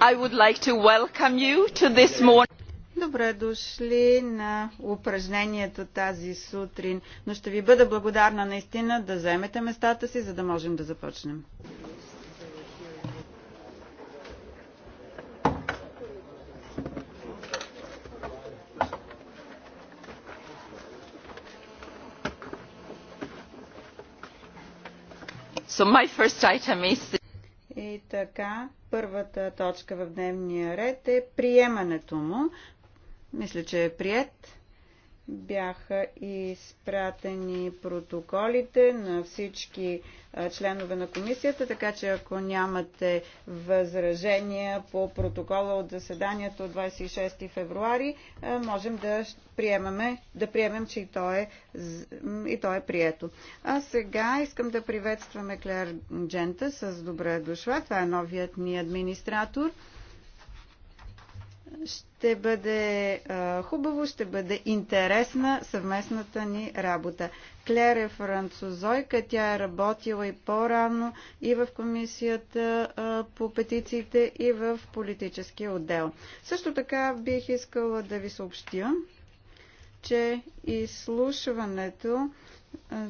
I would Like to to welcome you this morning. Добре дошли на упражнението тази сутрин, но ще ви бъда благодарна наистина да вземете местата си, за да можем да започнем. So my first item is така, първата точка в дневния ред е приемането му. Мисля, че е прият бяха изпратени протоколите на всички членове на комисията, така че ако нямате възражения по протокола от заседанието от 26 февруари, можем да приемаме, да приемем, че и то е, и то е прието. А сега искам да приветстваме Клер Джента с добре дошла. Това е новият ни администратор ще бъде а, хубаво, ще бъде интересна съвместната ни работа. Клер е французойка, тя е работила и по-рано и в комисията а, по петициите, и в политическия отдел. Също така бих искала да ви съобщя, че изслушването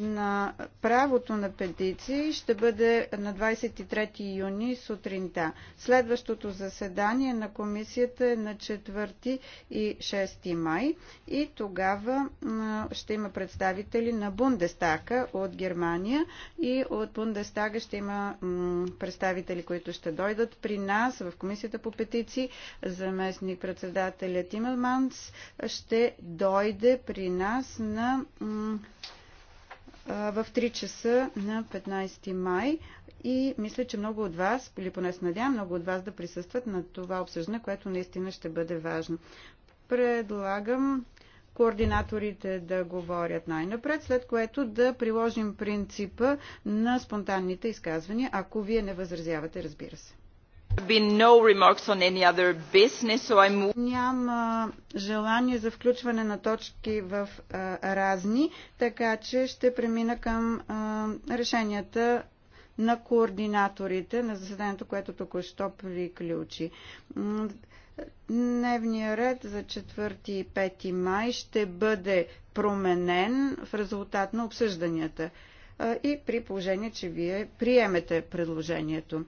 на правото на петиции ще бъде на 23 юни сутринта. Следващото заседание на комисията е на 4 и 6 май и тогава ще има представители на Бундестака от Германия и от Бундестага ще има представители, които ще дойдат при нас в комисията по петиции. Заместник председателя Тимелманс ще дойде при нас на в 3 часа на 15 май и мисля, че много от вас, или поне се надявам, много от вас да присъстват на това обсъждане, което наистина ще бъде важно. Предлагам координаторите да говорят най-напред, след което да приложим принципа на спонтанните изказвания, ако вие не възразявате, разбира се. Няма желание за включване на точки в разни, така че ще премина към решенията на координаторите на заседанието, което току-що приключи. Дневният ред за 4 и 5 май ще бъде променен в резултат на обсъжданията и при положение, че вие приемете предложението.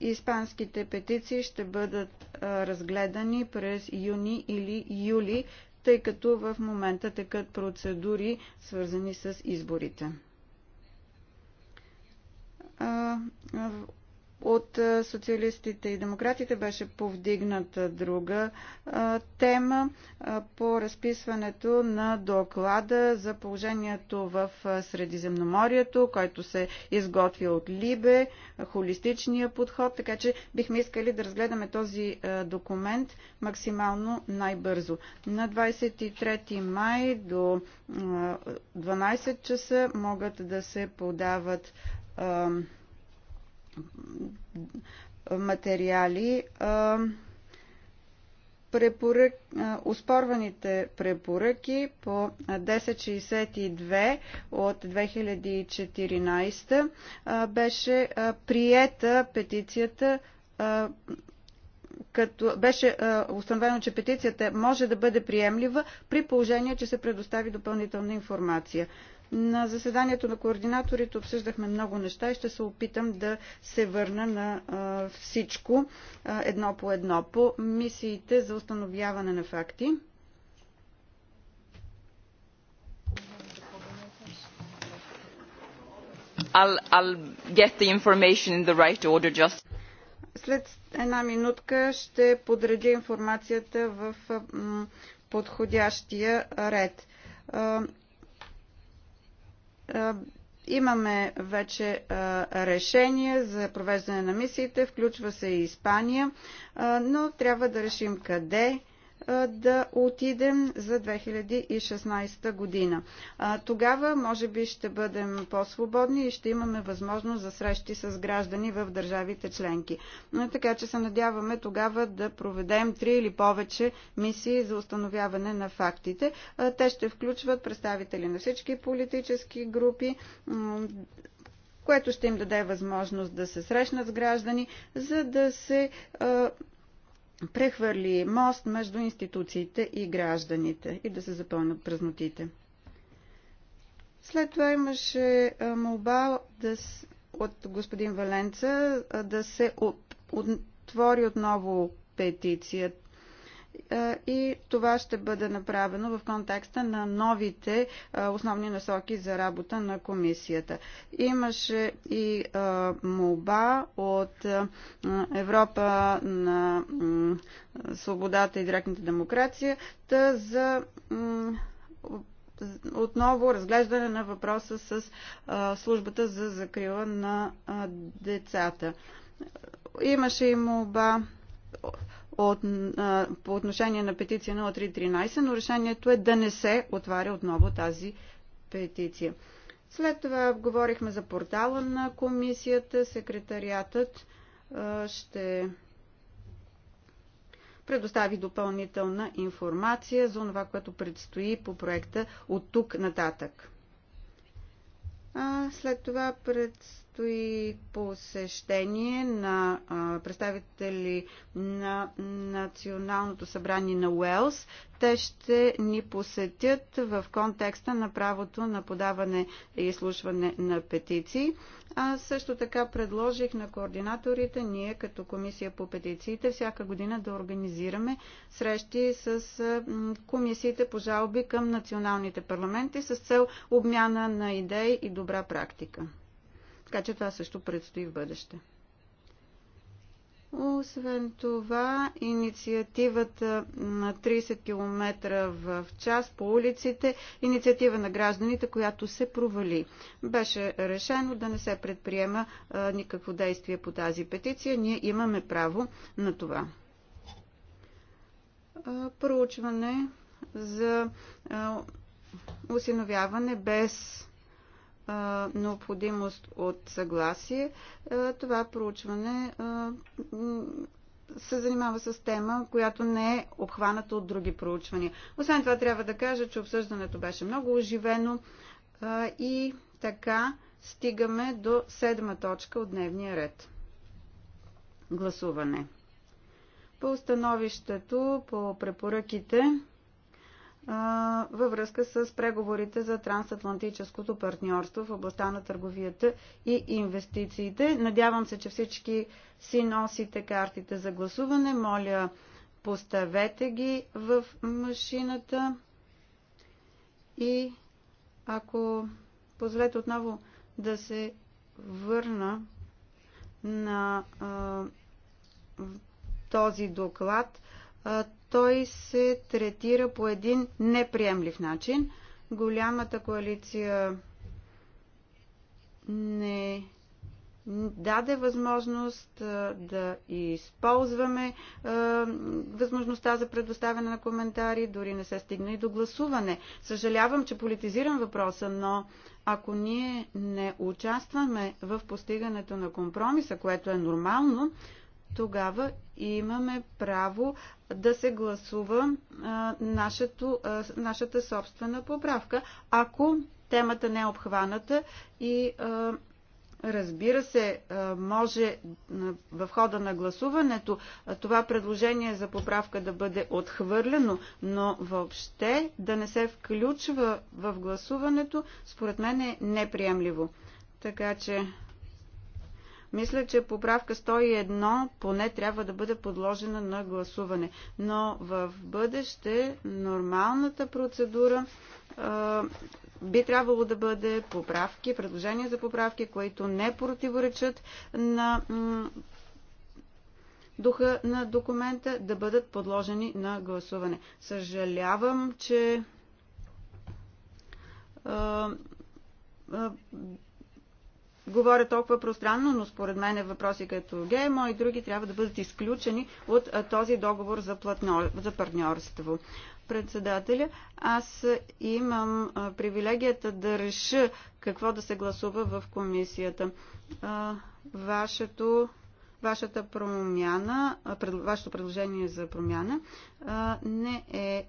Испанските петиции ще бъдат разгледани през юни или юли, тъй като в момента текат процедури, свързани с изборите от социалистите и демократите беше повдигната друга тема по разписването на доклада за положението в Средиземноморието, който се изготвя от Либе, холистичния подход, така че бихме искали да разгледаме този документ максимално най-бързо. На 23 май до 12 часа могат да се подават материали, препорък, успорваните препоръки по 1062 от 2014 беше приета петицията като беше установено, че петицията може да бъде приемлива при положение, че се предостави допълнителна информация. На заседанието на координаторите обсъждахме много неща и ще се опитам да се върна на всичко едно по едно. По мисиите за установяване на факти. I'll, I'll get the information in the right order just. След една минутка ще подредя информацията в подходящия ред. Е, имаме вече е, решение за провеждане на мисиите, включва се и Испания, е, но трябва да решим къде да отидем за 2016 година. Тогава, може би, ще бъдем по-свободни и ще имаме възможност за срещи с граждани в държавите членки. Така че се надяваме тогава да проведем три или повече мисии за установяване на фактите. Те ще включват представители на всички политически групи, което ще им даде възможност да се срещнат с граждани, за да се прехвърли мост между институциите и гражданите и да се запълнят празнотите. След това имаше молба да, от господин Валенца да се отвори отново петицията и това ще бъде направено в контекста на новите основни насоки за работа на комисията. Имаше и молба от Европа на свободата и директната демокрация за отново разглеждане на въпроса с службата за закрила на децата. Имаше и молба от, а, по отношение на петиция 0313, но решението е да не се отваря отново тази петиция. След това говорихме за портала на комисията. Секретариатът а, ще предостави допълнителна информация за това, което предстои по проекта от тук нататък. А, след това пред предстои посещение на представители на Националното събрание на Уелс. Те ще ни посетят в контекста на правото на подаване и изслушване на петиции. А също така предложих на координаторите, ние като комисия по петициите, всяка година да организираме срещи с комисиите по жалби към националните парламенти с цел обмяна на идеи и добра практика. Така че това също предстои в бъдеще. Освен това, инициативата на 30 км в час по улиците, инициатива на гражданите, която се провали. Беше решено да не се предприема а, никакво действие по тази петиция. Ние имаме право на това. А, проучване за а, усиновяване без необходимост от съгласие. Това проучване се занимава с тема, която не е обхваната от други проучвания. Освен това трябва да кажа, че обсъждането беше много оживено и така стигаме до седма точка от дневния ред. Гласуване. По установището, по препоръките, във връзка с преговорите за трансатлантическото партньорство в областта на търговията и инвестициите. Надявам се, че всички си носите картите за гласуване. Моля, поставете ги в машината и ако позволете отново да се върна на а, този доклад, а, той се третира по един неприемлив начин. Голямата коалиция не даде възможност да използваме възможността за предоставяне на коментари, дори не се стигна и до гласуване. Съжалявам, че политизирам въпроса, но ако ние не участваме в постигането на компромиса, което е нормално, тогава имаме право да се гласува нашето, нашата собствена поправка, ако темата не е обхваната и Разбира се, може в хода на гласуването това предложение за поправка да бъде отхвърлено, но въобще да не се включва в гласуването, според мен е неприемливо. Така че мисля, че поправка 101 поне трябва да бъде подложена на гласуване. Но в бъдеще нормалната процедура би трябвало да бъде поправки, предложения за поправки, които не противоречат на духа на документа да бъдат подложени на гласуване. Съжалявам, че говоря толкова пространно, но според мен е въпроси като ГМО и други трябва да бъдат изключени от този договор за, платно, за партньорство. Председателя, аз имам привилегията да реша какво да се гласува в комисията. Вашето, вашата промяна, вашето предложение за промяна не, е,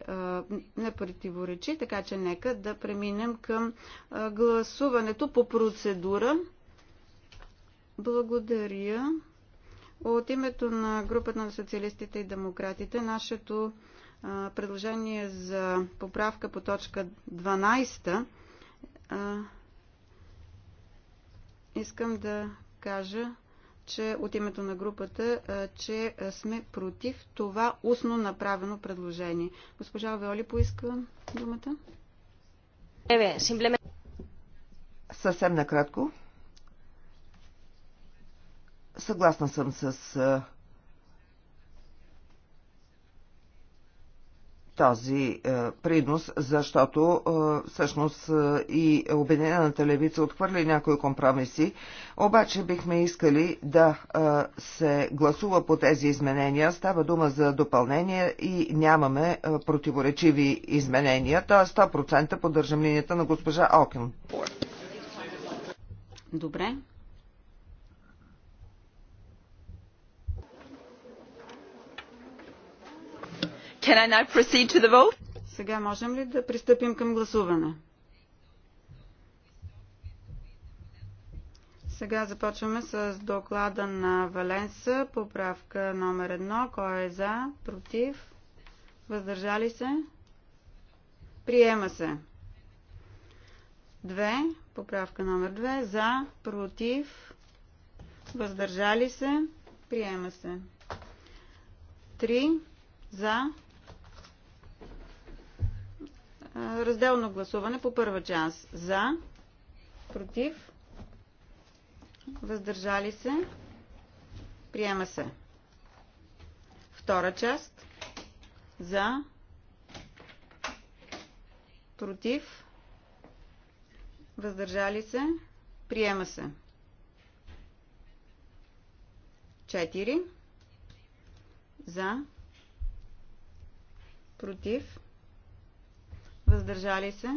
не противоречи, така че нека да преминем към гласуването по процедура. Благодаря. От името на групата на социалистите и демократите, нашето а, предложение за поправка по точка 12 а, искам да кажа, че от името на групата, а, че сме против това устно направено предложение. Госпожа Веоли поиска думата. Еве, Съвсем накратко. Съгласна съм с този а, принос, защото а, всъщност а, и Обединената левица отхвърли някои компромиси, обаче бихме искали да а, се гласува по тези изменения. Става дума за допълнение и нямаме а, противоречиви изменения, т.е. 100% поддържам линията на госпожа Окен. Добре, Can I now proceed to the vote? Сега можем ли да пристъпим към гласуване? Сега започваме с доклада на Валенса, поправка номер едно. Кой е за? Против? Въздържали се? Приема се. Две. Поправка номер две. За? Против? Въздържали се? Приема се. Три. За? Разделно гласуване по първа част. За, против, въздържали се, приема се. Втора част. За, против, въздържали се, приема се. Четири. За, против, Въздържали се.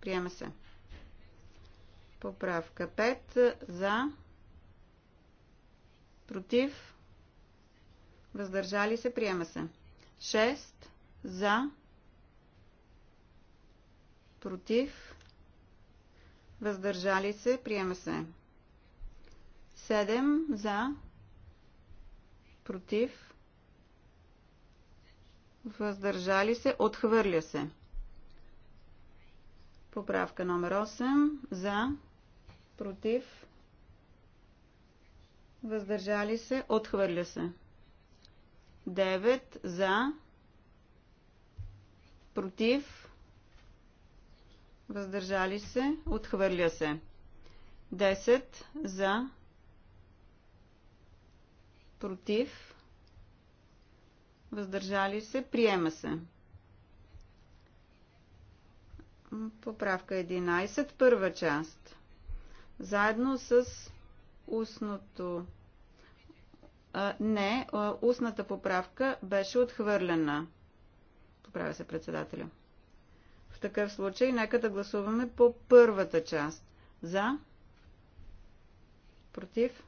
Приема се. Поправка 5. За. Против. Въздържали се. Приема се. 6. За. Против. Въздържали се. Приема се. 7. За. Против. Въздържали се. Отхвърля се. Поправка номер 8. За. Против. Въздържали се. Отхвърля се. 9. За. Против. Въздържали се. Отхвърля се. 10. За. Против. Въздържали се. Приема се. Поправка 11, първа част. Заедно с устното. А, не, устната поправка беше отхвърлена. Поправя се председателя. В такъв случай, нека да гласуваме по първата част. За? Против?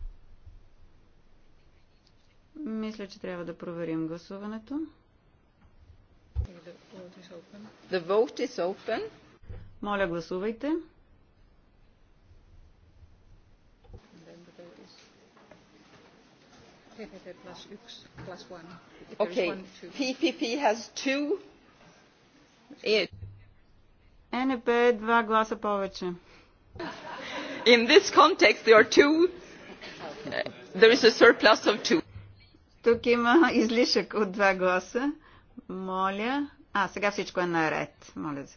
Мисля, че трябва да проверим гласуването. The vote is open. Моля, гласувайте. Okay. PPP has two. It. Е, НП е два гласа повече. In this context there are two. There is a surplus of two. Тук има излишък от два гласа. Моля. А, сега всичко е наред. Моля. За...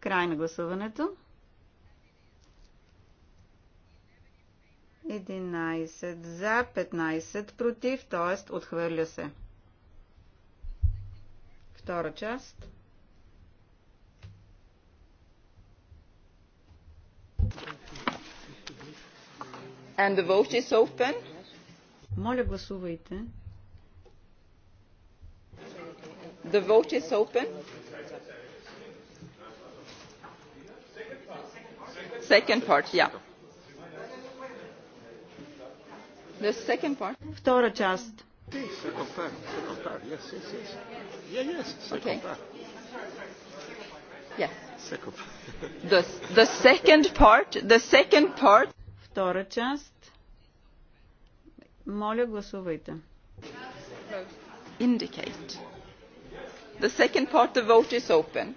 Край на гласуването. 11 за, 15 против, т.е. отхвърля се. Втора част. And the vote is open. Моля, гласувайте. The vote is open. second part, yeah. The second part. Втора част. Yes, the second part, the second part. Втора част. Моля, гласувайте. Indicate. The second part, the vote is open.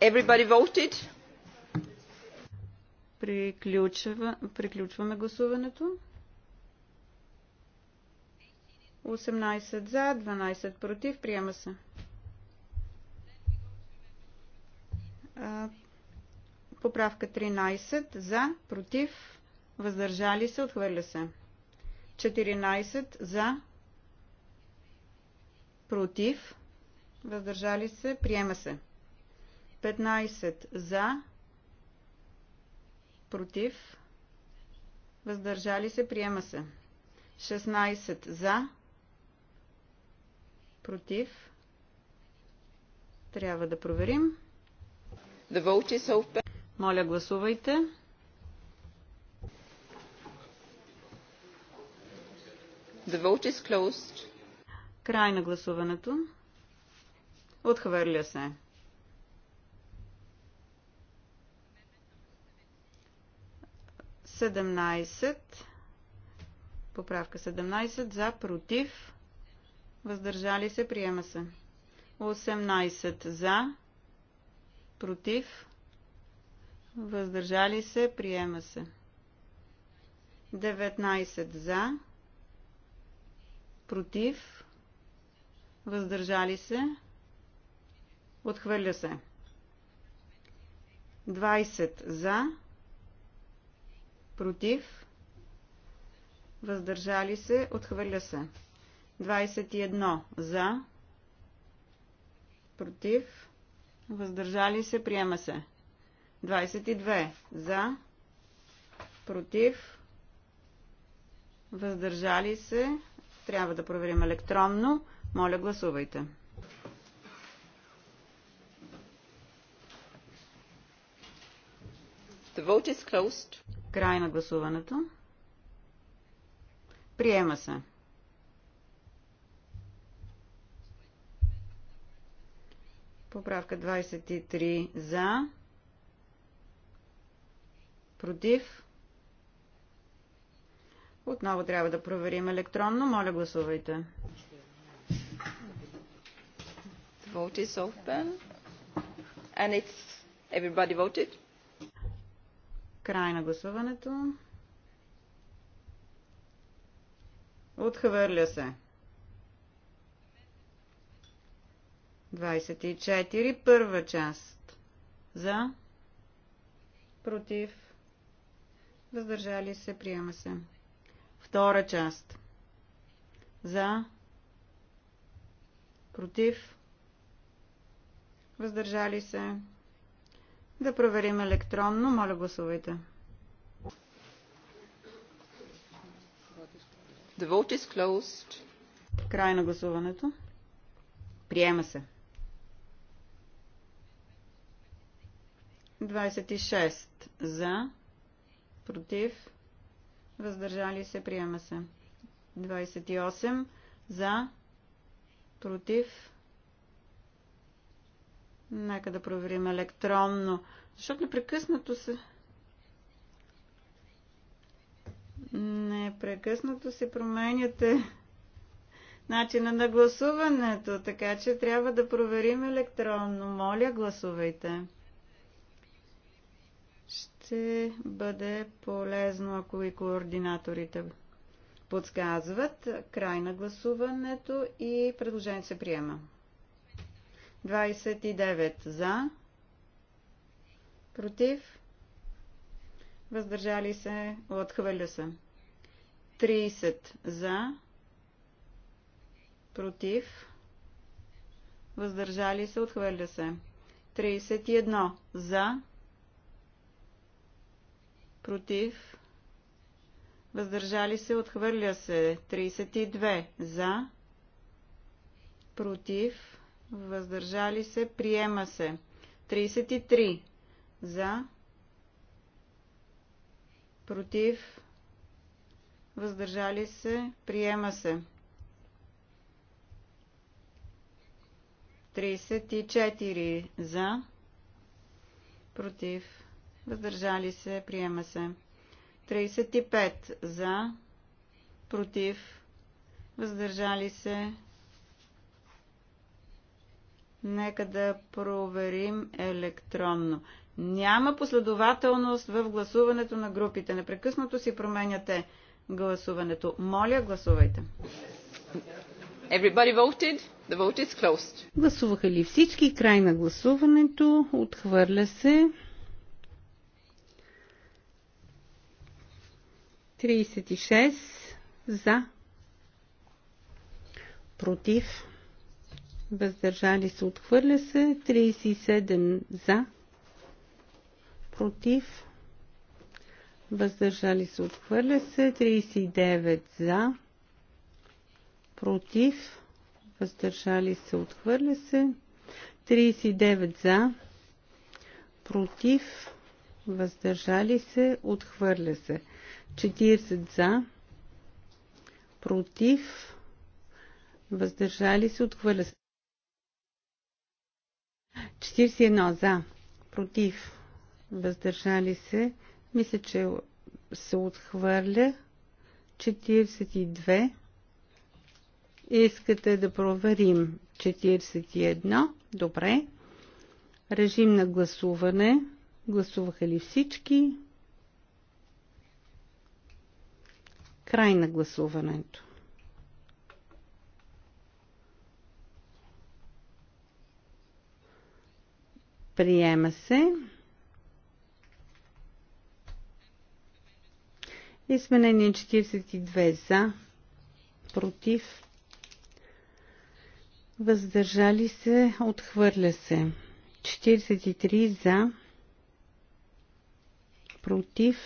Everybody voted? Приключва, приключваме гласуването. 18 за, 12 против. Приема се. Поправка 13 за, против, въздържали се, отхвърля се. 14 за, против, въздържали се, приема се. 15 за, против, въздържали се, приема се. 16 за, против, трябва да проверим. Моля, гласувайте. The vote is closed. Край на гласуването. Отхвърля се. 17. Поправка 17. За, против. Въздържали се, приема се. 18. За, против. Въздържали се, приема се. 19. За, против. Въздържали се. Отхвърля се. 20. За, против, въздържали се, отхвърля се. 21 за, против, въздържали се, приема се. 22 за, против, въздържали се, трябва да проверим електронно. Моля, гласувайте. The vote is closed. Край на гласуването. Приема се. Поправка 23 за. Против. Отново трябва да проверим електронно. Моля, гласувайте. Vote is open. And it's everybody voted. Край на гласуването. Отхвърля се. 24. Първа част. За. Против. Въздържали се. Приема се. Втора част. За. Против. Въздържали се. Да проверим електронно. Моля, гласувайте. The vote is closed. Край на гласуването. Приема се. 26 за, против, въздържали се, приема се. 28 за, против, Нека да проверим електронно, защото непрекъснато се... Непрекъснато се променяте начина на гласуването, така че трябва да проверим електронно. Моля, гласувайте. Ще бъде полезно, ако и координаторите подсказват край на гласуването и предложението се приема. 29 за, против, въздържали се, отхвърля се. 30 за, против, въздържали се, отхвърля се. 31 за, против, въздържали се, отхвърля се. 32 за, против, въздържали се, приема се. 33 за, против, въздържали се, приема се. 34 за, против, въздържали се, приема се. 35 за, против, въздържали се, Нека да проверим електронно. Няма последователност в гласуването на групите. Непрекъснато си променяте гласуването. Моля, гласувайте. Everybody voted. The vote is closed. Гласуваха ли всички? Край на гласуването. Отхвърля се. 36 за. Против въздържали се, отхвърля се, 37 за, против, въздържали се, отхвърля се, 39 за, против, въздържали се, отхвърля се, 39 за, против, въздържали се, отхвърля се, 40 за, против, въздържали се, отхвърля се. 41 за, против, въздържали се. Мисля, че се отхвърля. 42. Искате да проверим 41. Добре. Режим на гласуване. Гласуваха ли всички? Край на гласуването. Приема се. Изменение 42 за, против, въздържали се, отхвърля се. 43 за, против,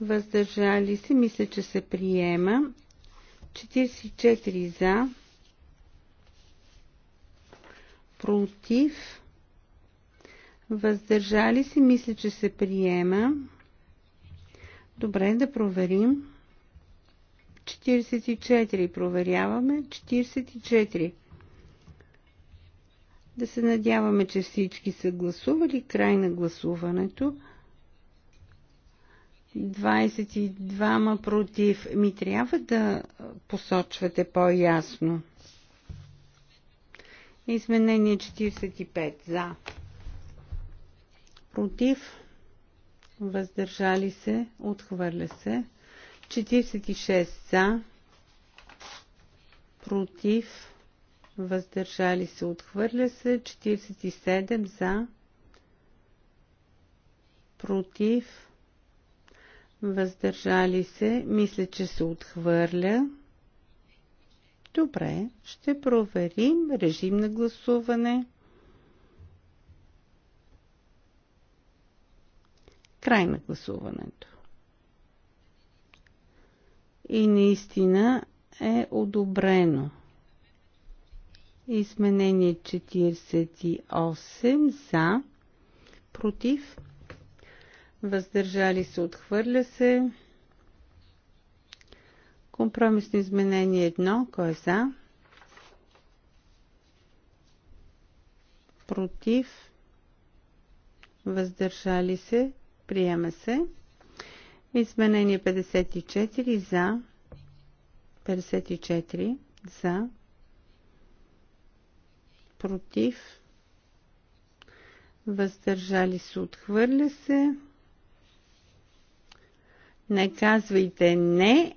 въздържали се, мисля, че се приема. 44 за, против, въздържали се, мисля, че се приема. Добре, да проверим. 44 проверяваме. 44. Да се надяваме, че всички са гласували. Край на гласуването. 22 ма против. Ми трябва да посочвате по-ясно. Изменение 45 за против, въздържали се, отхвърля се. 46 за, против, въздържали се, отхвърля се. 47 за, против, въздържали се, мисля, че се отхвърля. Добре, ще проверим режим на гласуване. Край на гласуването. И наистина е одобрено. Изменение 48 за, против, въздържали се, отхвърля се. Компромисно изменение 1, кой е за? Против, въздържали се, Приема се. Изменение 54 за. 54 за. Против. Въздържали се. Отхвърля се. Не казвайте не.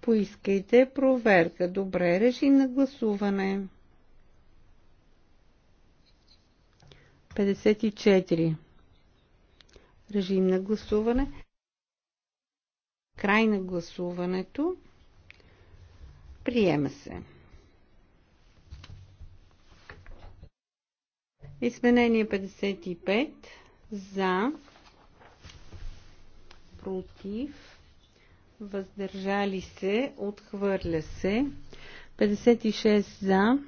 Поискайте проверка. Добре, реши на гласуване. 54. Режим на гласуване. Край на гласуването. Приема се. Изменение 55 за против въздържали се, отхвърля се. 56 за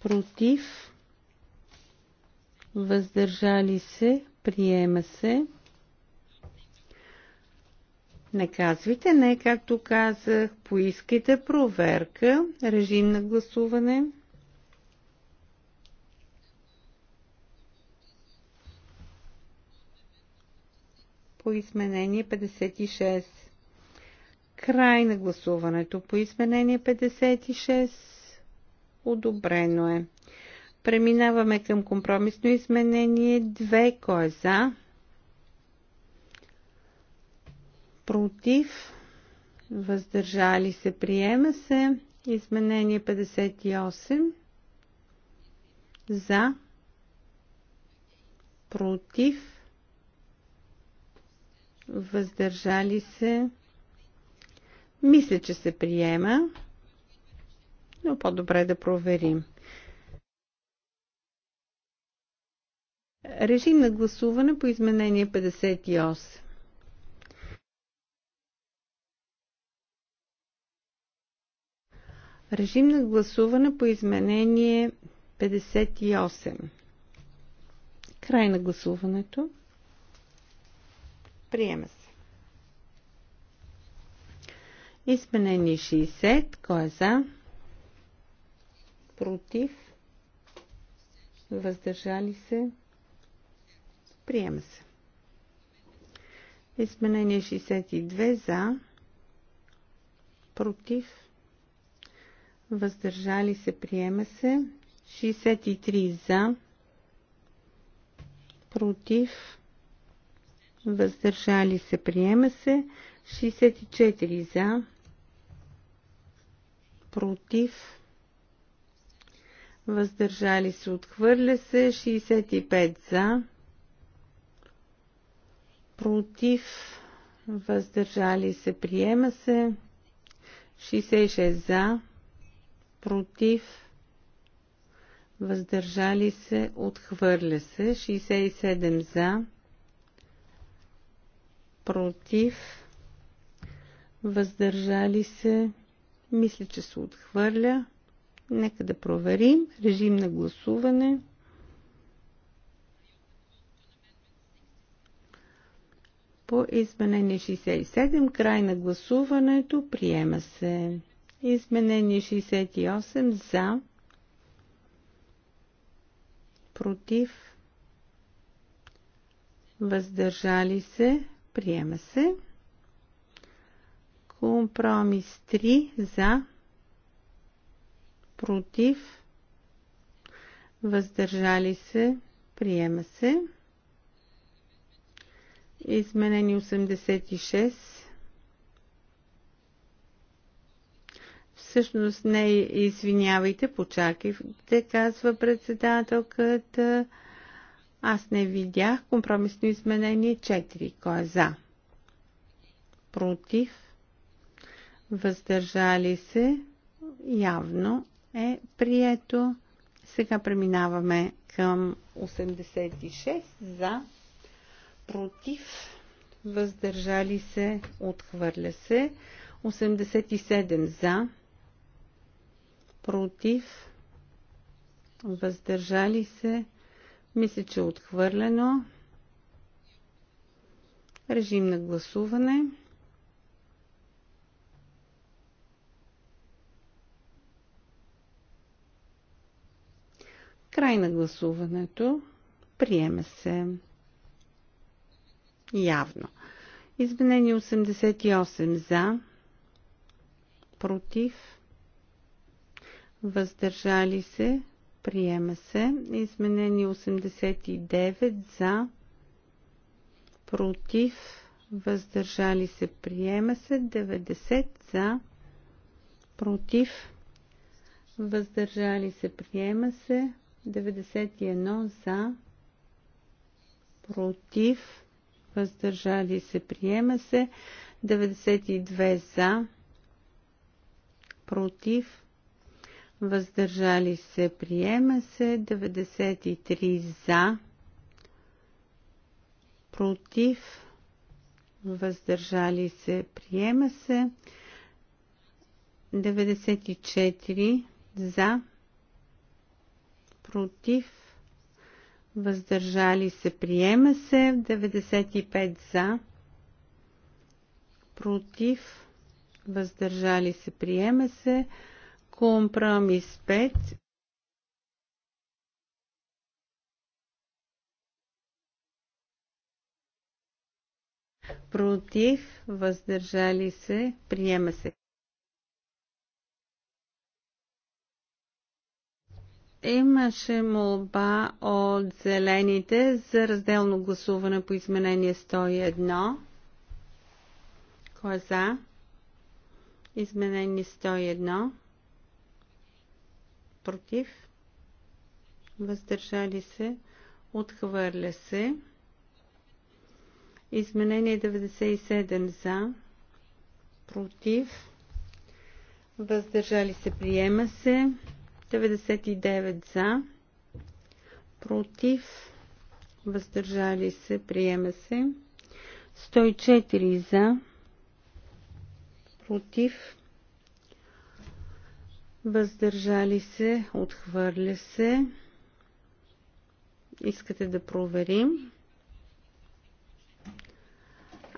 против въздържали се, приема се. Не казвайте не, както казах, поискайте проверка, режим на гласуване. По изменение 56. Край на гласуването по изменение 56. Одобрено е. Преминаваме към компромисно изменение 2. Кой е за? Против? Въздържали се? Приема се. Изменение 58. За? Против? Въздържали се? Мисля, че се приема, но по-добре да проверим. Режим на гласуване по изменение 58. Режим на гласуване по изменение 58. Край на гласуването. Приема се. Изменение 60. Кой е за? Против? Въздържали се? Приема се. Изменение 62 за, против, въздържали се, приема се. 63 за, против, въздържали се, приема се. 64 за, против, въздържали се, отхвърля се. 65 за, против, въздържали се, приема се. 66 за, против, въздържали се, отхвърля се. 67 за, против, въздържали се, мисля, че се отхвърля. Нека да проверим. Режим на гласуване. По изменение 67, край на гласуването, приема се. Изменение 68 за, против, въздържали се, приема се. Компромис 3 за, против, въздържали се, приема се. Изменени 86. Всъщност не извинявайте, почакайте, казва председателката. Аз не видях компромисно изменение 4. Кой е за? Против? Въздържали се? Явно е прието. Сега преминаваме към 86 за против, въздържали се, отхвърля се. 87 за, против, въздържали се, мисля, че е отхвърлено. Режим на гласуване. Край на гласуването. Приема се явно. Изменение 88 за, против, въздържали се, приема се. Изменение 89 за, против, въздържали се, приема се. 90 за, против, въздържали се, приема се. 91 за, против, въздържали се, приема се. 92 за, против, въздържали се, приема се. 93 за, против, въздържали се, приема се. 94 за, против, въздържали се, приема се, 95 за, против, въздържали се, приема се, компромис 5. Против, въздържали се, приема се. Имаше молба от зелените за разделно гласуване по изменение 101. Кой е за? Изменение 101. Против. Въздържали се. Отхвърля се. Изменение 97 за. Против. Въздържали се. Приема се. 99 за, против, въздържали се, приема се. 104 за, против, въздържали се, отхвърля се. Искате да проверим.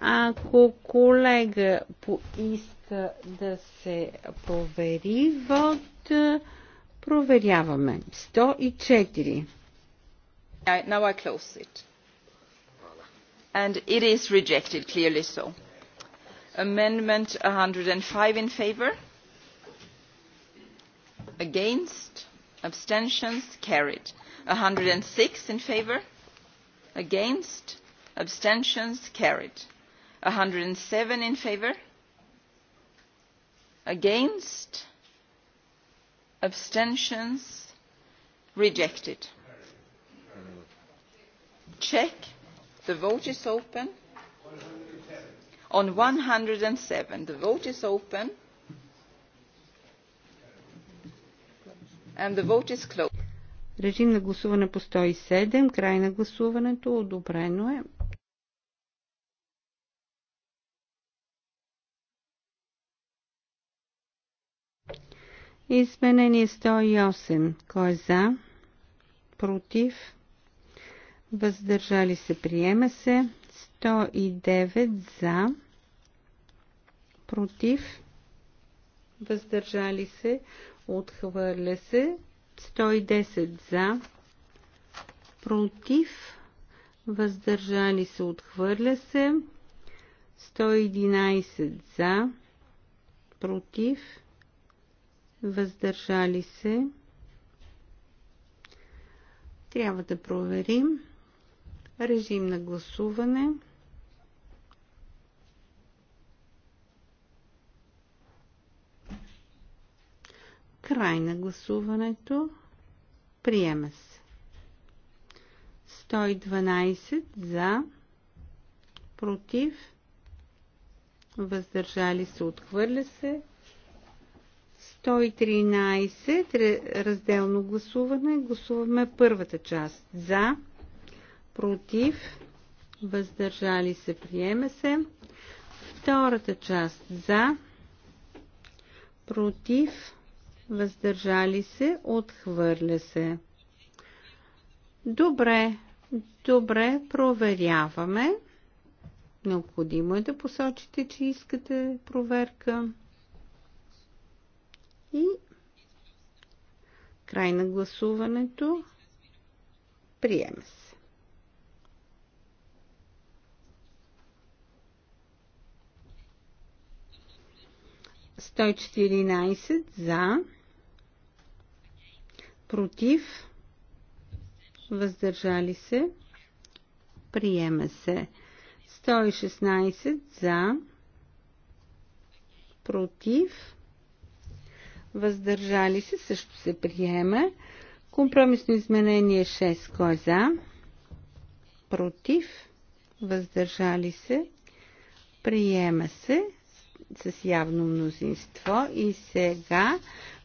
Ако колега поиска да се провери вод, Проверяваме. 104. Now I close it. And it is rejected, clearly so. Amendment 105 in favor. Against. Abstentions carried. 106 in favor. Against. Abstentions carried. 107 in favor. Against abstentions rejected check the vote is open on one hundred and seven the vote is open and the vote is closed Режим на гласуване по 107, край на гласуването, одобрено е. Изменение 108. Кой е за? Против? Въздържали се? Приема се. 109 за. Против? Въздържали се? Отхвърля се. 110 за. Против? Въздържали се? Отхвърля се. 111 за. Против? въздържали се. Трябва да проверим. Режим на гласуване. Край на гласуването. Приема се. 112 за, против, въздържали се, отхвърля се. 113. Разделно гласуване. Гласуваме първата част. За. Против. Въздържали се. Приеме се. Втората част. За. Против. Въздържали се. Отхвърля се. Добре. Добре. Проверяваме. Необходимо е да посочите, че искате проверка. И край на гласуването. Приема се. Сто за, против, въздържали се, приема се. 116 за, против, въздържали се, също се приема. Компромисно изменение 6, кой е за, против, въздържали се, приема се с явно мнозинство и сега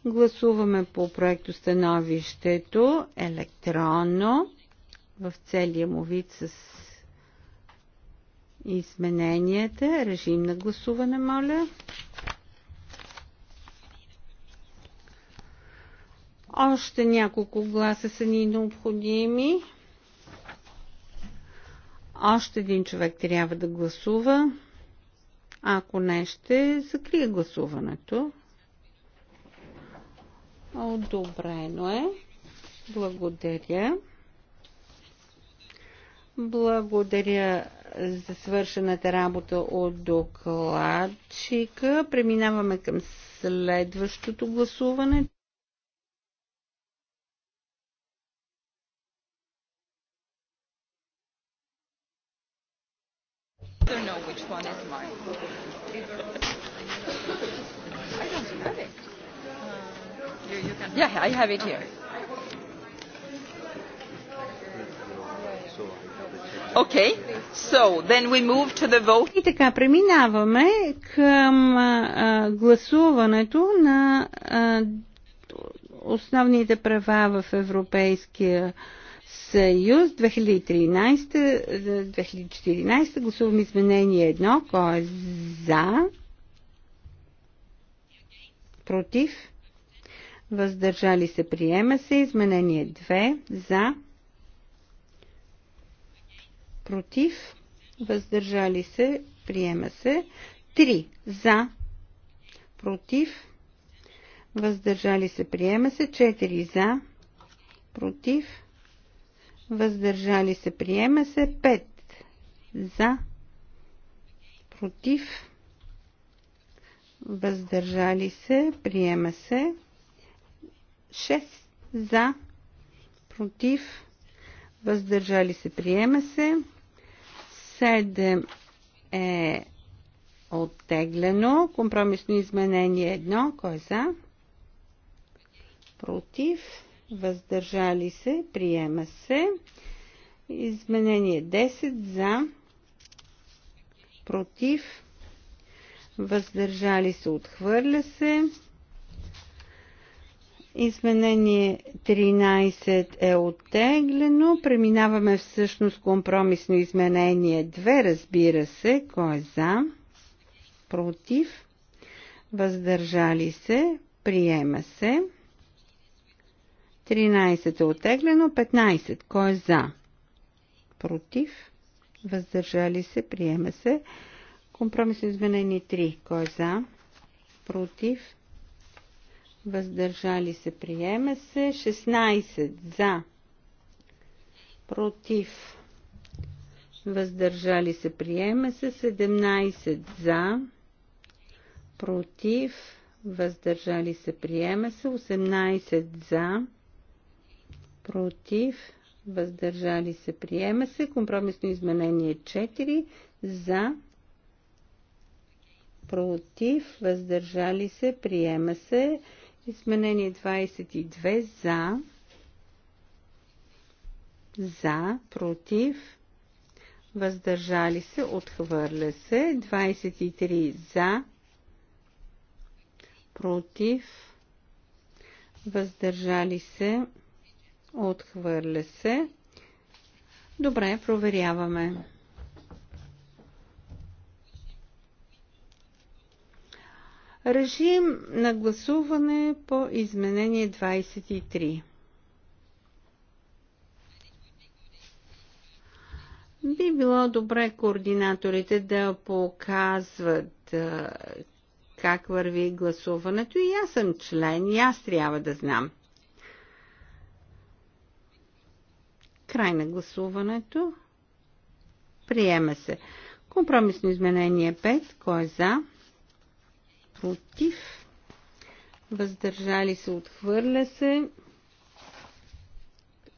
гласуваме по проекто становището електронно в целия му вид с измененията. Режим на гласуване, моля. Още няколко гласа са ни необходими. Още един човек трябва да гласува. Ако не, ще закрия гласуването. Одобрено е. Благодаря. Благодаря за свършената работа от докладчика. Преминаваме към следващото гласуване. don't know which one is mine. I don't have it. Uh, you, you can yeah, I have it here. Okay, so then we move to the vote. И така преминаваме към а, гласуването на а, основните права в Европейския съюз съюз 2013-2014. Гласувам изменение 1. Кой е за? Против? Въздържали се. Приема се. Изменение 2. За? Против? Въздържали се. Приема се. 3. За? Против? Въздържали се. Приема се. 4. За? Против? въздържали се, приема се 5 за, против, въздържали се, приема се 6 за, против, въздържали се, приема се 7 е оттеглено. Компромисно изменение 1. Кой е за? Против въздържали се, приема се. Изменение 10 за, против, въздържали се, отхвърля се. Изменение 13 е оттеглено. Преминаваме всъщност компромисно изменение 2, разбира се. Кой е за? Против? Въздържали се? Приема се. 13 е отеглено, 15. Кой е за? Против? Въздържали се? Приема се. Компромис изменение 3. Кой е за? Против? Въздържали се? Приема се. 16. За? Против? Въздържали се? Приема се. 17. За? Против? Въздържали се? Приема се. 18. За? против, въздържали се, приема се. Компромисно изменение 4 за, против, въздържали се, приема се. Изменение 22 за, за, против, въздържали се, отхвърля се. 23 за, против, въздържали се, се. Отхвърля се. Добре, проверяваме. Режим на гласуване по изменение 23. Би било добре координаторите да показват как върви гласуването и аз съм член и аз трябва да знам. Край на гласуването. Приема се. Компромисно изменение 5. Кой е за? Против. Въздържали се. Отхвърля се.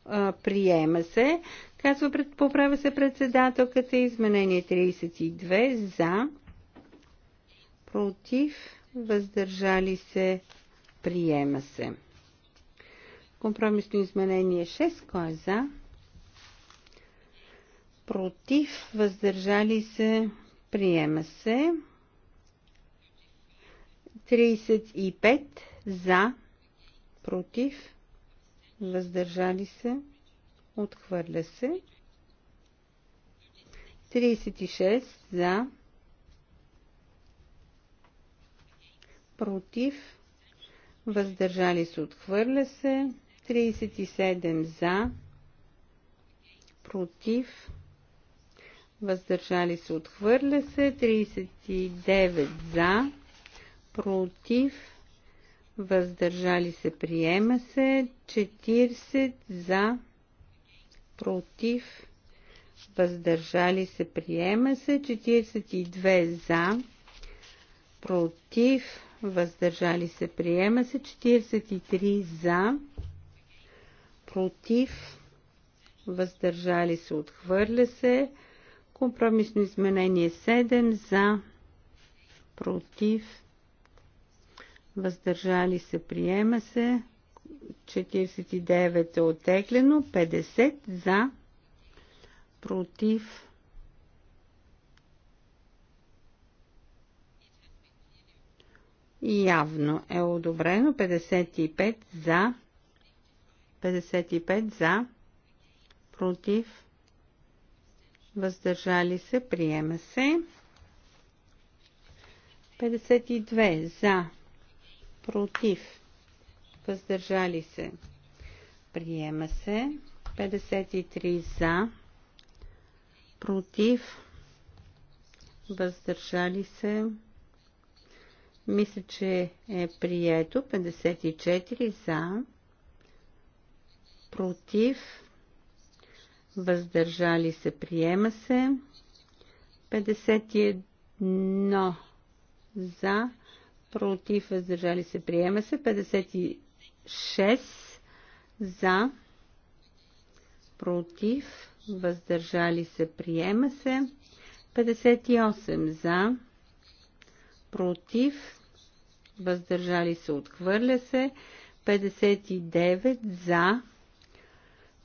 А, приема се. Казва, поправя се председателката. Изменение 32. За. Против. Въздържали се. Приема се. Компромисно изменение 6. Кой е за? против, въздържали се, приема се. 35 за, против, въздържали се, отхвърля се. 36 за, против, въздържали се, отхвърля се. 37 за, против, въздържали се, отхвърля се, 39 за, против, въздържали се, приема се, 40 за, против, въздържали се, приема се, 42 за, против, въздържали се, приема се, 43 за, против, въздържали се, отхвърля се, Компромисно изменение 7 за, против, въздържали се, приема се. 49 е отеглено, 50 за, против, явно е одобрено, 55 за, 55 за, против, въздържали се, приема се. 52 за, против, въздържали се, приема се. 53 за, против, въздържали се. Мисля, че е прието. 54 за, против, въздържали се, приема се. 51 за, против, въздържали се, приема се. 56 за, против, въздържали се, приема се. 58 за, против, въздържали се, отхвърля се. 59 за,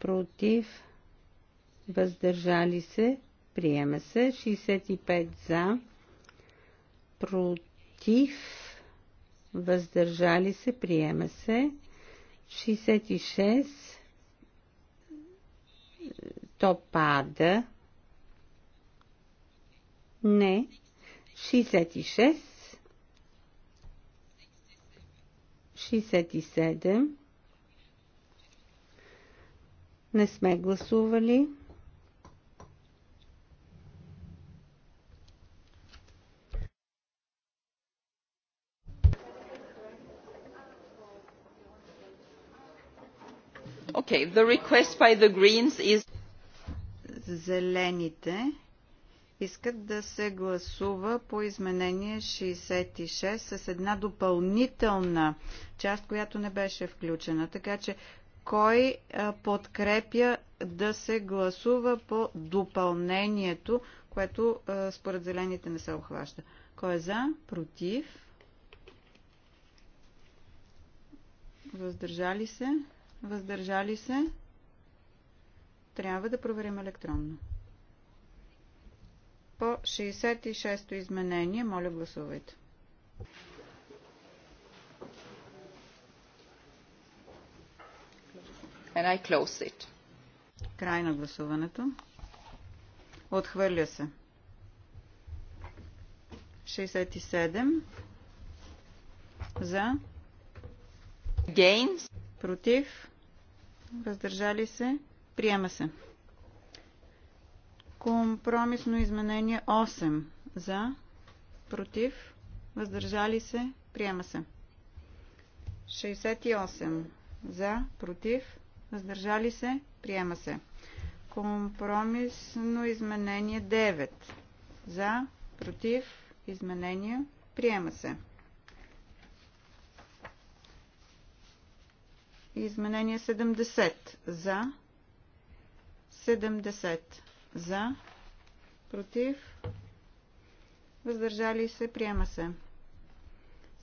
против, въздържали се, приема се. 65 за, против, въздържали се, приема се. 66 то пада. Не. 66 67 не сме гласували. Okay, the request by the Greens is... Зелените искат да се гласува по изменение 66 с една допълнителна част, която не беше включена. Така че кой подкрепя да се гласува по допълнението, което според зелените не се обхваща. Кой е за? Против? Въздържали се? Въздържали се? Трябва да проверим електронно. По 66-то изменение, моля гласувайте. And I close it. Край на гласуването. Отхвърля се. 67 за Gains. против въздържали се приема се компромисно изменение 8 за против въздържали се приема се 68 за против въздържали се, приема се. Компромисно изменение 9. За, против, изменение, приема се. Изменение 70. За, 70. За, против, въздържали се, приема се.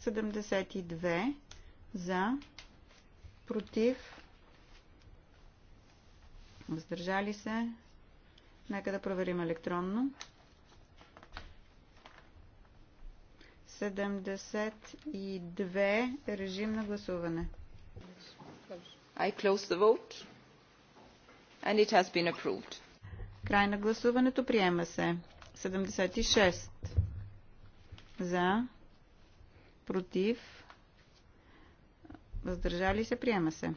72. За, против, Въздържали се. Нека да проверим електронно. 72. Режим на гласуване. I close the vote. And it has been approved. Край на гласуването приема се. 76. За. Против. Въздържали се. Приема се.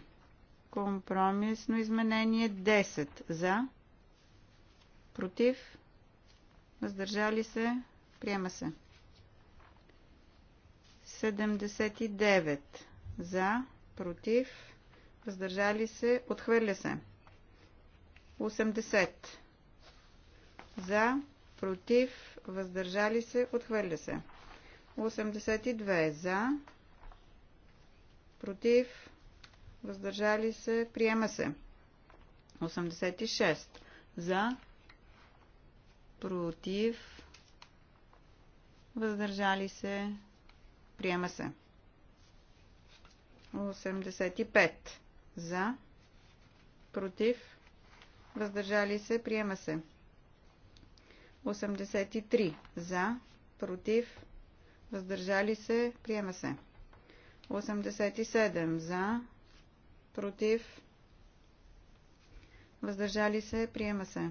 Компромисно изменение 10 за. Против. Въздържали се. Приема се. 79 за. Против. Въздържали се. Отхвърля се. 80 за. Против. Въздържали се. Отхвърля се. 82 за. Против въздържали се, приема се. 86 за, против, въздържали се, приема се. 85 за, против, въздържали се, приема се. 83 за, против, въздържали се, приема се. 87 за, против, въздържали се, приема се.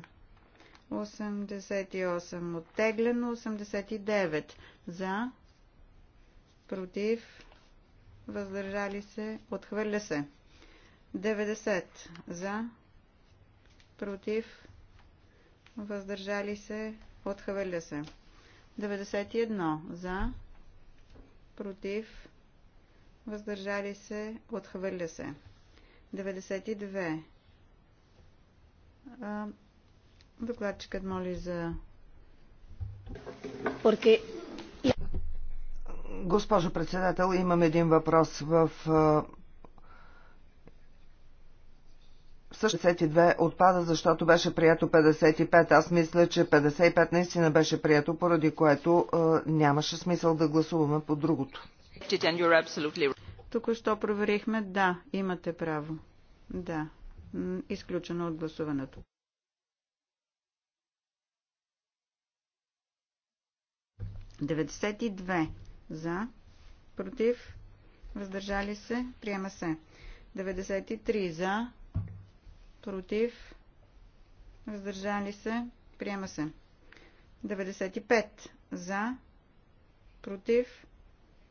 88 оттеглено, 89 за, против, въздържали се, отхвърля се. 90 за, против, въздържали се, отхвърля се. 91 за, против, въздържали се, отхвърля се. 92. Докладчикът моли за... Porque... Госпожо председател, имам един въпрос в... Също 52 отпада, защото беше прието 55. Аз мисля, че 55 наистина беше прието, поради което е, нямаше смисъл да гласуваме по другото. Току-що проверихме. Да, имате право. Да. Изключено от гласуването. Деветдесет и две. За. Против. Въздържали се. Приема се. 93 за. Против. Въздържали се. Приема се. 95 за. Против.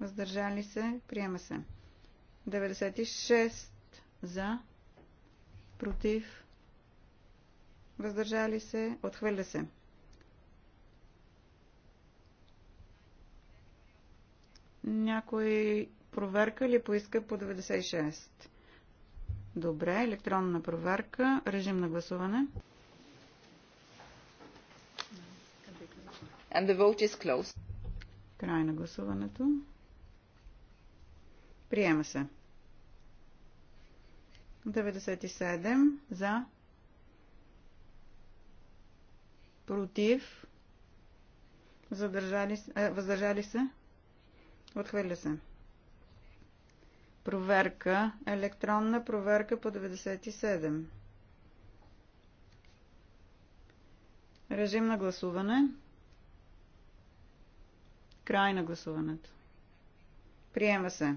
Въздържали се. Приема се. 96 за, против, въздържали се, отхвърля се. Някой проверка ли поиска по 96? Добре, електронна проверка, режим на гласуване. And the vote is closed. Край на гласуването. Приема се. 97 за, против, задържали, е, въздържали се, отхвърля се. Проверка, електронна проверка по 97. Режим на гласуване. Край на гласуването. Приема се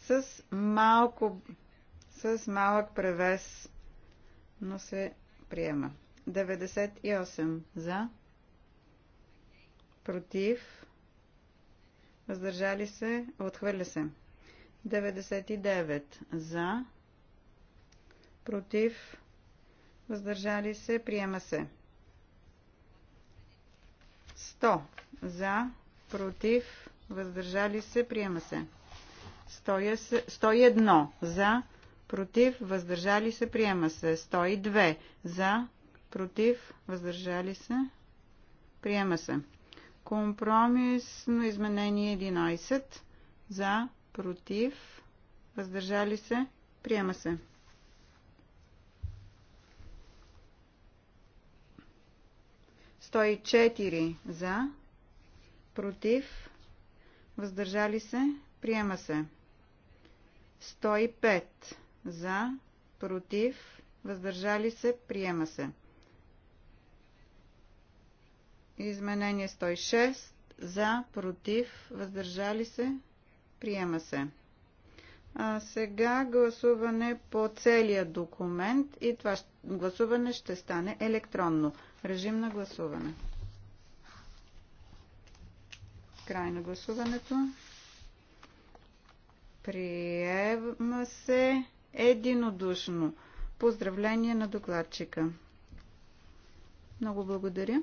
с малко, с малък превес, но се приема. 98 за, против, въздържали се, отхвърля се. 99 за, против, въздържали се, приема се. 100 за, против, въздържали се, приема се. 101 за, против, въздържали се, приема се. 102 за, против, въздържали се, приема се. Компромисно изменение 11 за, против, въздържали се, приема се. Стои четири за, против, въздържали се, приема се. 105 за, против, въздържали се, приема се. Изменение 106 за, против, въздържали се, приема се. А сега гласуване по целия документ и това гласуване ще стане електронно. Режим на гласуване. Край на гласуването. Приема се единодушно. Поздравление на докладчика. Много благодаря.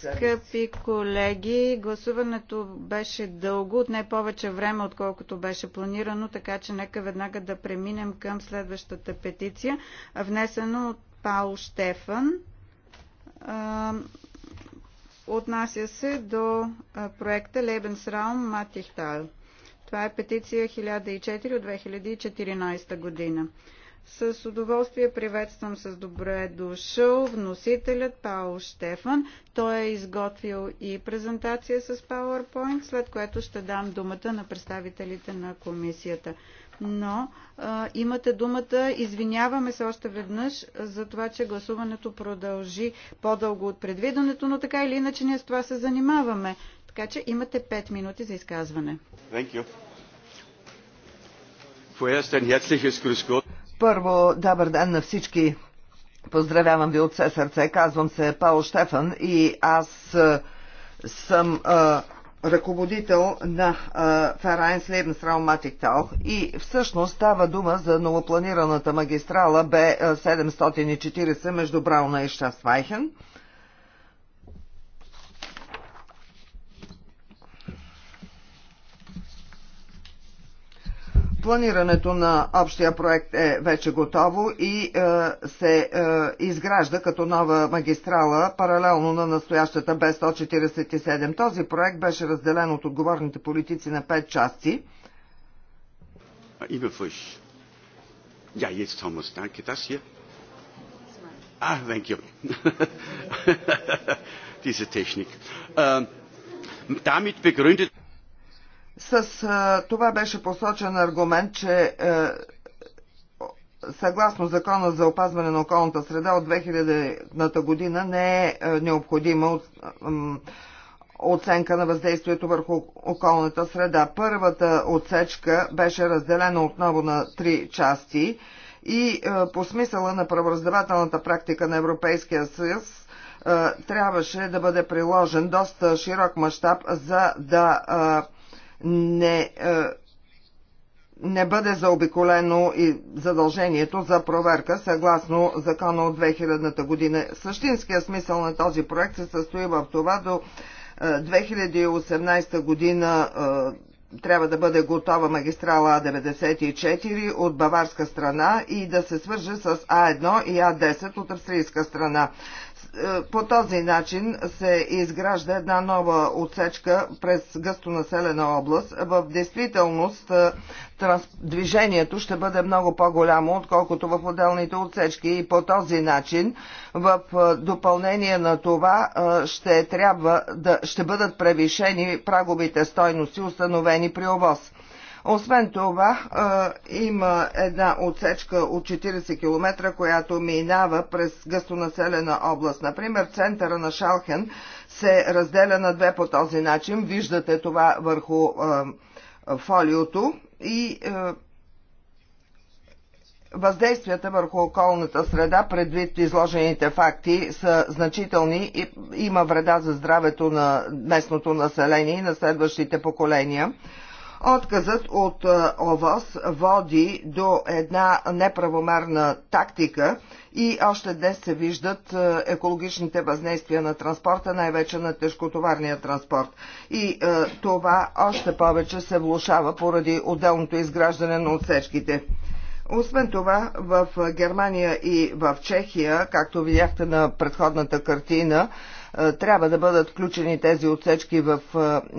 Скъпи колеги, гласуването беше дълго, от не повече време, отколкото беше планирано, така че нека веднага да преминем към следващата петиция, внесена от Пао Штефан. Отнася се до проекта Lebensraum Матихтал. Това е петиция 1004 от 2014 година. С удоволствие приветствам с добре дошъл вносителят Пао Штефан. Той е изготвил и презентация с PowerPoint, след което ще дам думата на представителите на комисията. Но а, имате думата. Извиняваме се още веднъж за това, че гласуването продължи по-дълго от предвиденето, но така или иначе ние с това се занимаваме. Така че имате 5 минути за изказване. Thank you. Първо, добър ден на всички. Поздравявам ви от все сърце. Казвам се Пао Штефан и аз съм а, ръководител на Ферайнс Лебенстрал Тал и всъщност става дума за новопланираната магистрала Б740 между Брауна и Шафвайхен. планирането на общия проект е вече готово и е, се е, изгражда като нова магистрала паралелно на настоящата Б-147. Този проект беше разделен от отговорните политици на пет части. Ah, thank you. Diese Technik. Ähm, damit begründet с а, това беше посочен аргумент, че а, е, съгласно Закона за опазване на околната среда от 2000 година не е а, е, необходима от, а, оценка на въздействието върху околната среда. Първата отсечка беше разделена отново на три части и а, е, по смисъла на правораздавателната практика на Европейския съюз трябваше да бъде приложен доста широк мащаб, за да не, е, не бъде заобиколено и задължението за проверка съгласно закона от 2000-та година. Същинският смисъл на този проект се състои в това до 2018 е, година е, трябва да бъде готова магистрала А94 от баварска страна и да се свърже с А1 и А10 от австрийска страна. Е, по този начин се изгражда една нова отсечка през гъстонаселена област. В действителност е, движението ще бъде много по-голямо, отколкото в отделните отсечки и по този начин в е, допълнение на това ще, трябва да, ще бъдат превишени праговите стойности, установени при ОВОЗ. Освен това, има една отсечка от 40 км, която минава през гъстонаселена област. Например, центъра на Шалхен се разделя на две по този начин. Виждате това върху фолиото и Въздействията върху околната среда, предвид изложените факти, са значителни и има вреда за здравето на местното население и на следващите поколения. Отказът от е, ОВОС води до една неправомерна тактика и още днес се виждат е, екологичните въздействия на транспорта, най-вече на тежкотоварния транспорт. И е, това още повече се влушава поради отделното изграждане на отсечките. Освен това, в Германия и в Чехия, както видяхте на предходната картина, е, трябва да бъдат включени тези отсечки в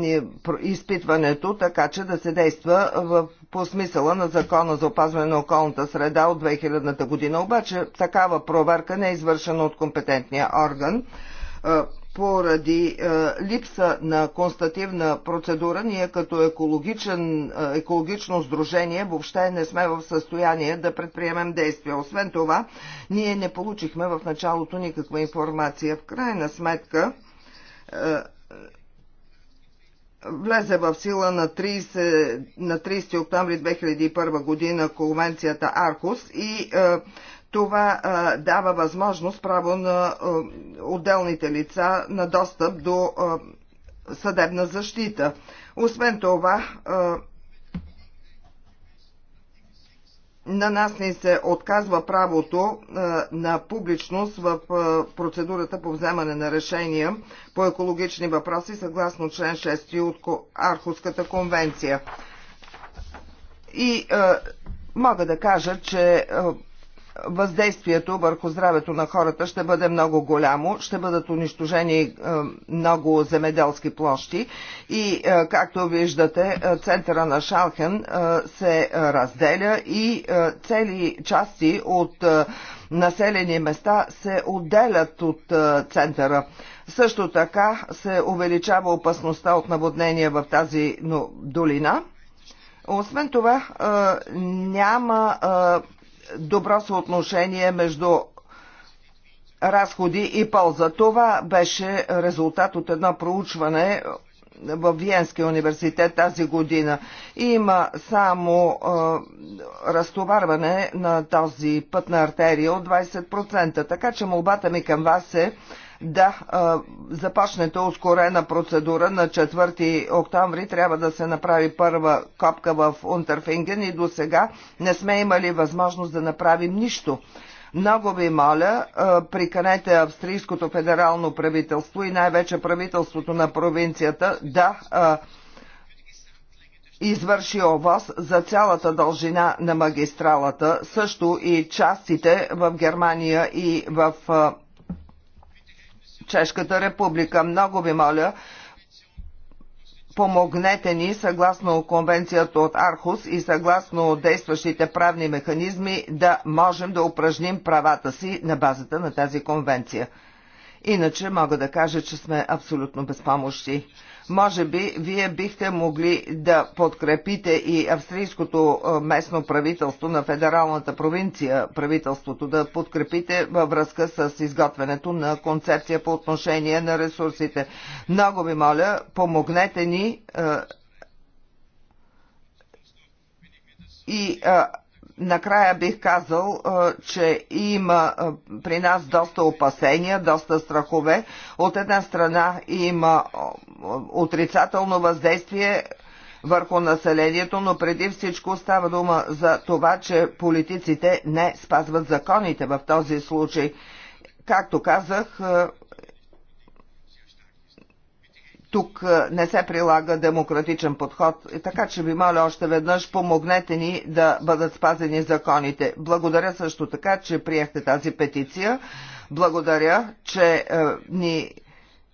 е, изпитването, така че да се действа в, по смисъла на Закона за опазване на околната среда от 2000 година. Обаче такава проверка не е извършена от компетентния орган е, поради е, липса на констативна процедура, ние като екологичен, е, екологично сдружение въобще не сме в състояние да предприемем действия. Освен това, ние не получихме в началото никаква информация. В крайна сметка, е, влезе в сила на 30, на 30 октомври 2001 година конвенцията Аркус и е, това а, дава възможност право на а, отделните лица на достъп до а, съдебна защита. Освен това, а, на нас ни се отказва правото на публичност в процедурата по вземане на решения по екологични въпроси съгласно член 6 от Архуската конвенция. И а, мога да кажа, че А, въздействието върху здравето на хората ще бъде много голямо, ще бъдат унищожени е, много земеделски площи и, е, както виждате, е, центъра на Шалхен се разделя и цели части от населени места се отделят от центъра. Също така се увеличава опасността от наводнения в тази долина. Освен това, няма добро съотношение между разходи и полза. Това беше резултат от едно проучване в Виенския университет тази година. Има само е, разтоварване на този път на артерия от 20%. Така че молбата ми към вас е да, започнете ускорена процедура на 4 октомври. Трябва да се направи първа копка в Унтерфинген и до сега не сме имали възможност да направим нищо. Много ви моля, приканете австрийското федерално правителство и най-вече правителството на провинцията да извърши ОВОС за цялата дължина на магистралата, също и частите в Германия и в Чешката република. Много ви моля, помогнете ни съгласно конвенцията от Архус и съгласно действащите правни механизми да можем да упражним правата си на базата на тази конвенция. Иначе мога да кажа, че сме абсолютно безпомощи. Може би вие бихте могли да подкрепите и австрийското местно правителство на федералната провинция, правителството да подкрепите във връзка с изготвянето на концепция по отношение на ресурсите. Много ви моля, помогнете ни и а, накрая бих казал, че има при нас доста опасения, доста страхове. От една страна има отрицателно въздействие върху населението, но преди всичко става дума за това, че политиците не спазват законите в този случай. Както казах, тук не се прилага демократичен подход, така че ви моля още веднъж помогнете ни да бъдат спазени законите. Благодаря също така, че приехте тази петиция. Благодаря, че е, ни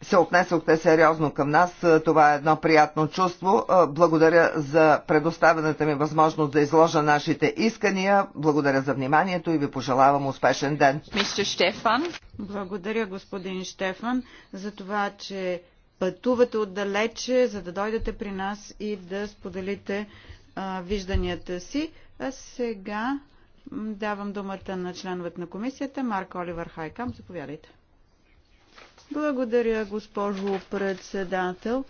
се отнесохте сериозно към нас. Това е едно приятно чувство. Благодаря за предоставената ми възможност да изложа нашите искания. Благодаря за вниманието и ви пожелавам успешен ден. Мистер Штефан. Благодаря, господин Штефан, за това, че пътувате отдалече, за да дойдете при нас и да споделите а, вижданията си. А сега давам думата на членовете на комисията. Марк Оливър Хайкам, заповядайте. Благодаря, госпожо председател.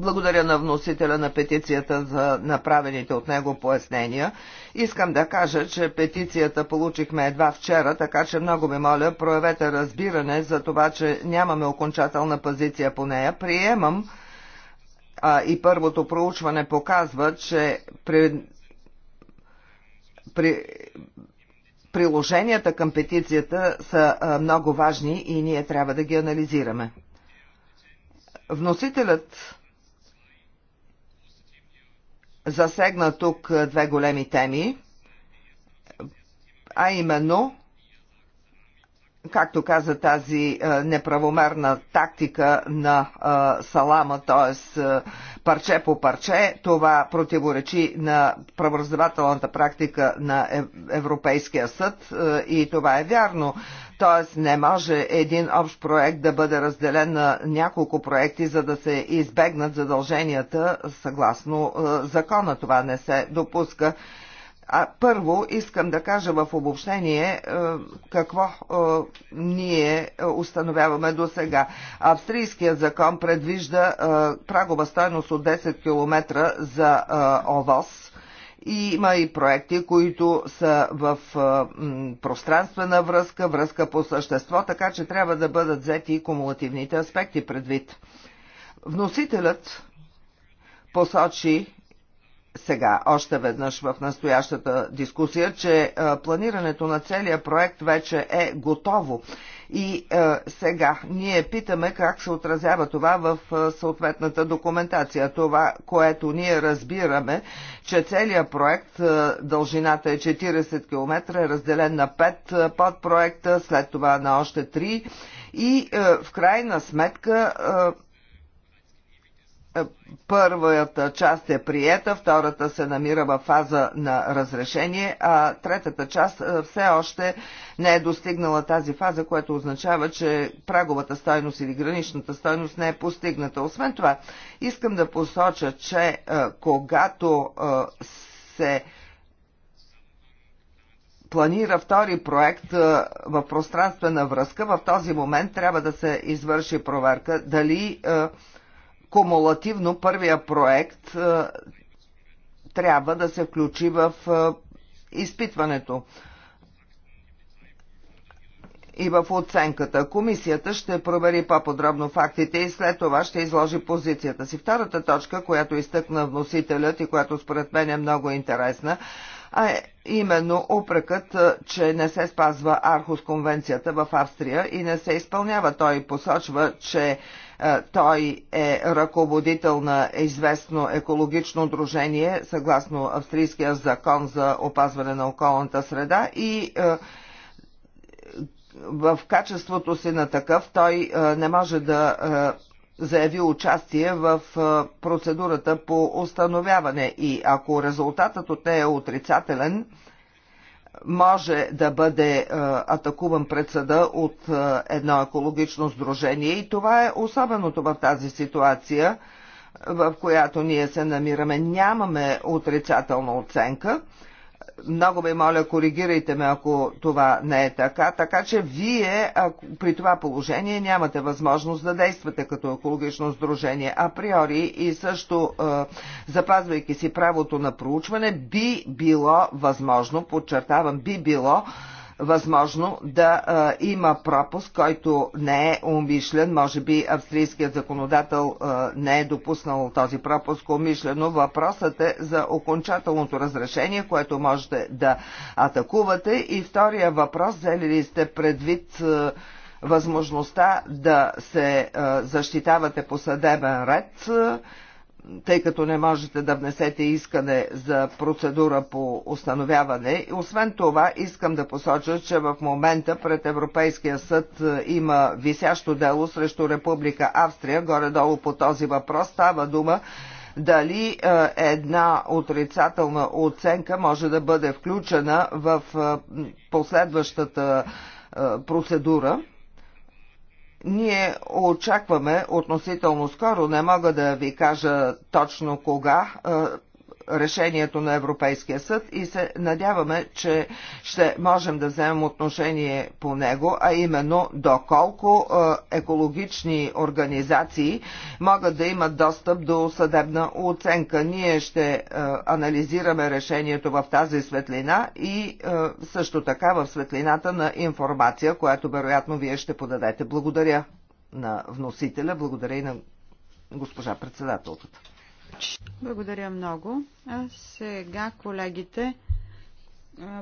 Благодаря на вносителя на петицията за направените от него пояснения. Искам да кажа, че петицията получихме едва вчера, така че много ви моля, проявете разбиране за това, че нямаме окончателна позиция по нея. Приемам а, и първото проучване показва, че при, при, приложенията към петицията са а, много важни и ние трябва да ги анализираме. Вносителят засегна тук две големи теми, а именно както каза, тази е, неправомерна тактика на е, салама, т.е. парче по парче, това противоречи на правораздавателната практика на е, Европейския съд и това е вярно. Т.е. не може един общ проект да бъде разделен на няколко проекти, за да се избегнат задълженията съгласно закона. Това не се допуска. А, първо искам да кажа в обобщение е, какво е, ние е, установяваме до сега. Австрийският закон предвижда прагова стойност от 10 км за ОВОС. И има и проекти, които са в пространствена връзка, връзка по същество, така че трябва да бъдат взети и кумулативните аспекти предвид. Вносителят посочи сега още веднъж в настоящата дискусия, че е, планирането на целия проект вече е готово. И а, е, сега ние питаме как се отразява това в а, е, съответната документация. Това, което ние разбираме, че целият проект, а, дължината е 40 км, е разделен на 5 подпроекта, след това на още 3 и е, в крайна сметка. Е, Първата част е приета, втората се намира в фаза на разрешение, а третата част все още не е достигнала тази фаза, което означава, че праговата стойност или граничната стойност не е постигната. Освен това, искам да посоча, че когато се планира втори проект в пространствена връзка, в този момент трябва да се извърши проверка дали кумулативно първия проект е, трябва да се включи в е, изпитването и в оценката. Комисията ще провери по-подробно фактите и след това ще изложи позицията си. Втората точка, която изтъкна вносителят и която според мен е много интересна, а е именно упрекът, е, че не се спазва Архус конвенцията в Австрия и не се изпълнява. Той посочва, че е, той е ръководител на известно екологично дружение, съгласно австрийския закон за опазване на околната среда и е, в качеството си на такъв той е, не може да заяви участие в процедурата по установяване и ако резултатът от нея е отрицателен, може да бъде е, атакуван пред съда от е, едно екологично сдружение и това е особеното в тази ситуация, в която ние се намираме. Нямаме отрицателна оценка много ме моля, коригирайте ме, ако това не е така. Така че вие ако, при това положение нямате възможност да действате като екологично сдружение априори и също е, запазвайки си правото на проучване, би било възможно, подчертавам, би било възможно да а, има пропуск, който не е умишлен. Може би австрийският законодател а, не е допуснал този пропуск умишлено. Въпросът е за окончателното разрешение, което можете да атакувате. И втория въпрос, взели ли сте предвид а, възможността да се а, защитавате по съдебен ред? А, тъй като не можете да внесете искане за процедура по установяване. Освен това, искам да посоча, че в момента пред Европейския съд е, има висящо дело срещу Република Австрия, горе-долу по този въпрос. Става дума дали е, една отрицателна оценка може да бъде включена в е, последващата процедура. Ние очакваме относително скоро, не мога да ви кажа точно кога, решението на Европейския съд и се надяваме, че ще можем да вземем отношение по него, а именно доколко е, екологични организации могат да имат достъп до съдебна оценка. Ние ще е, анализираме решението в тази светлина и е, също така в светлината на информация, която вероятно вие ще подадете. Благодаря на вносителя, благодаря и на госпожа председателката. Благодаря много. А сега колегите,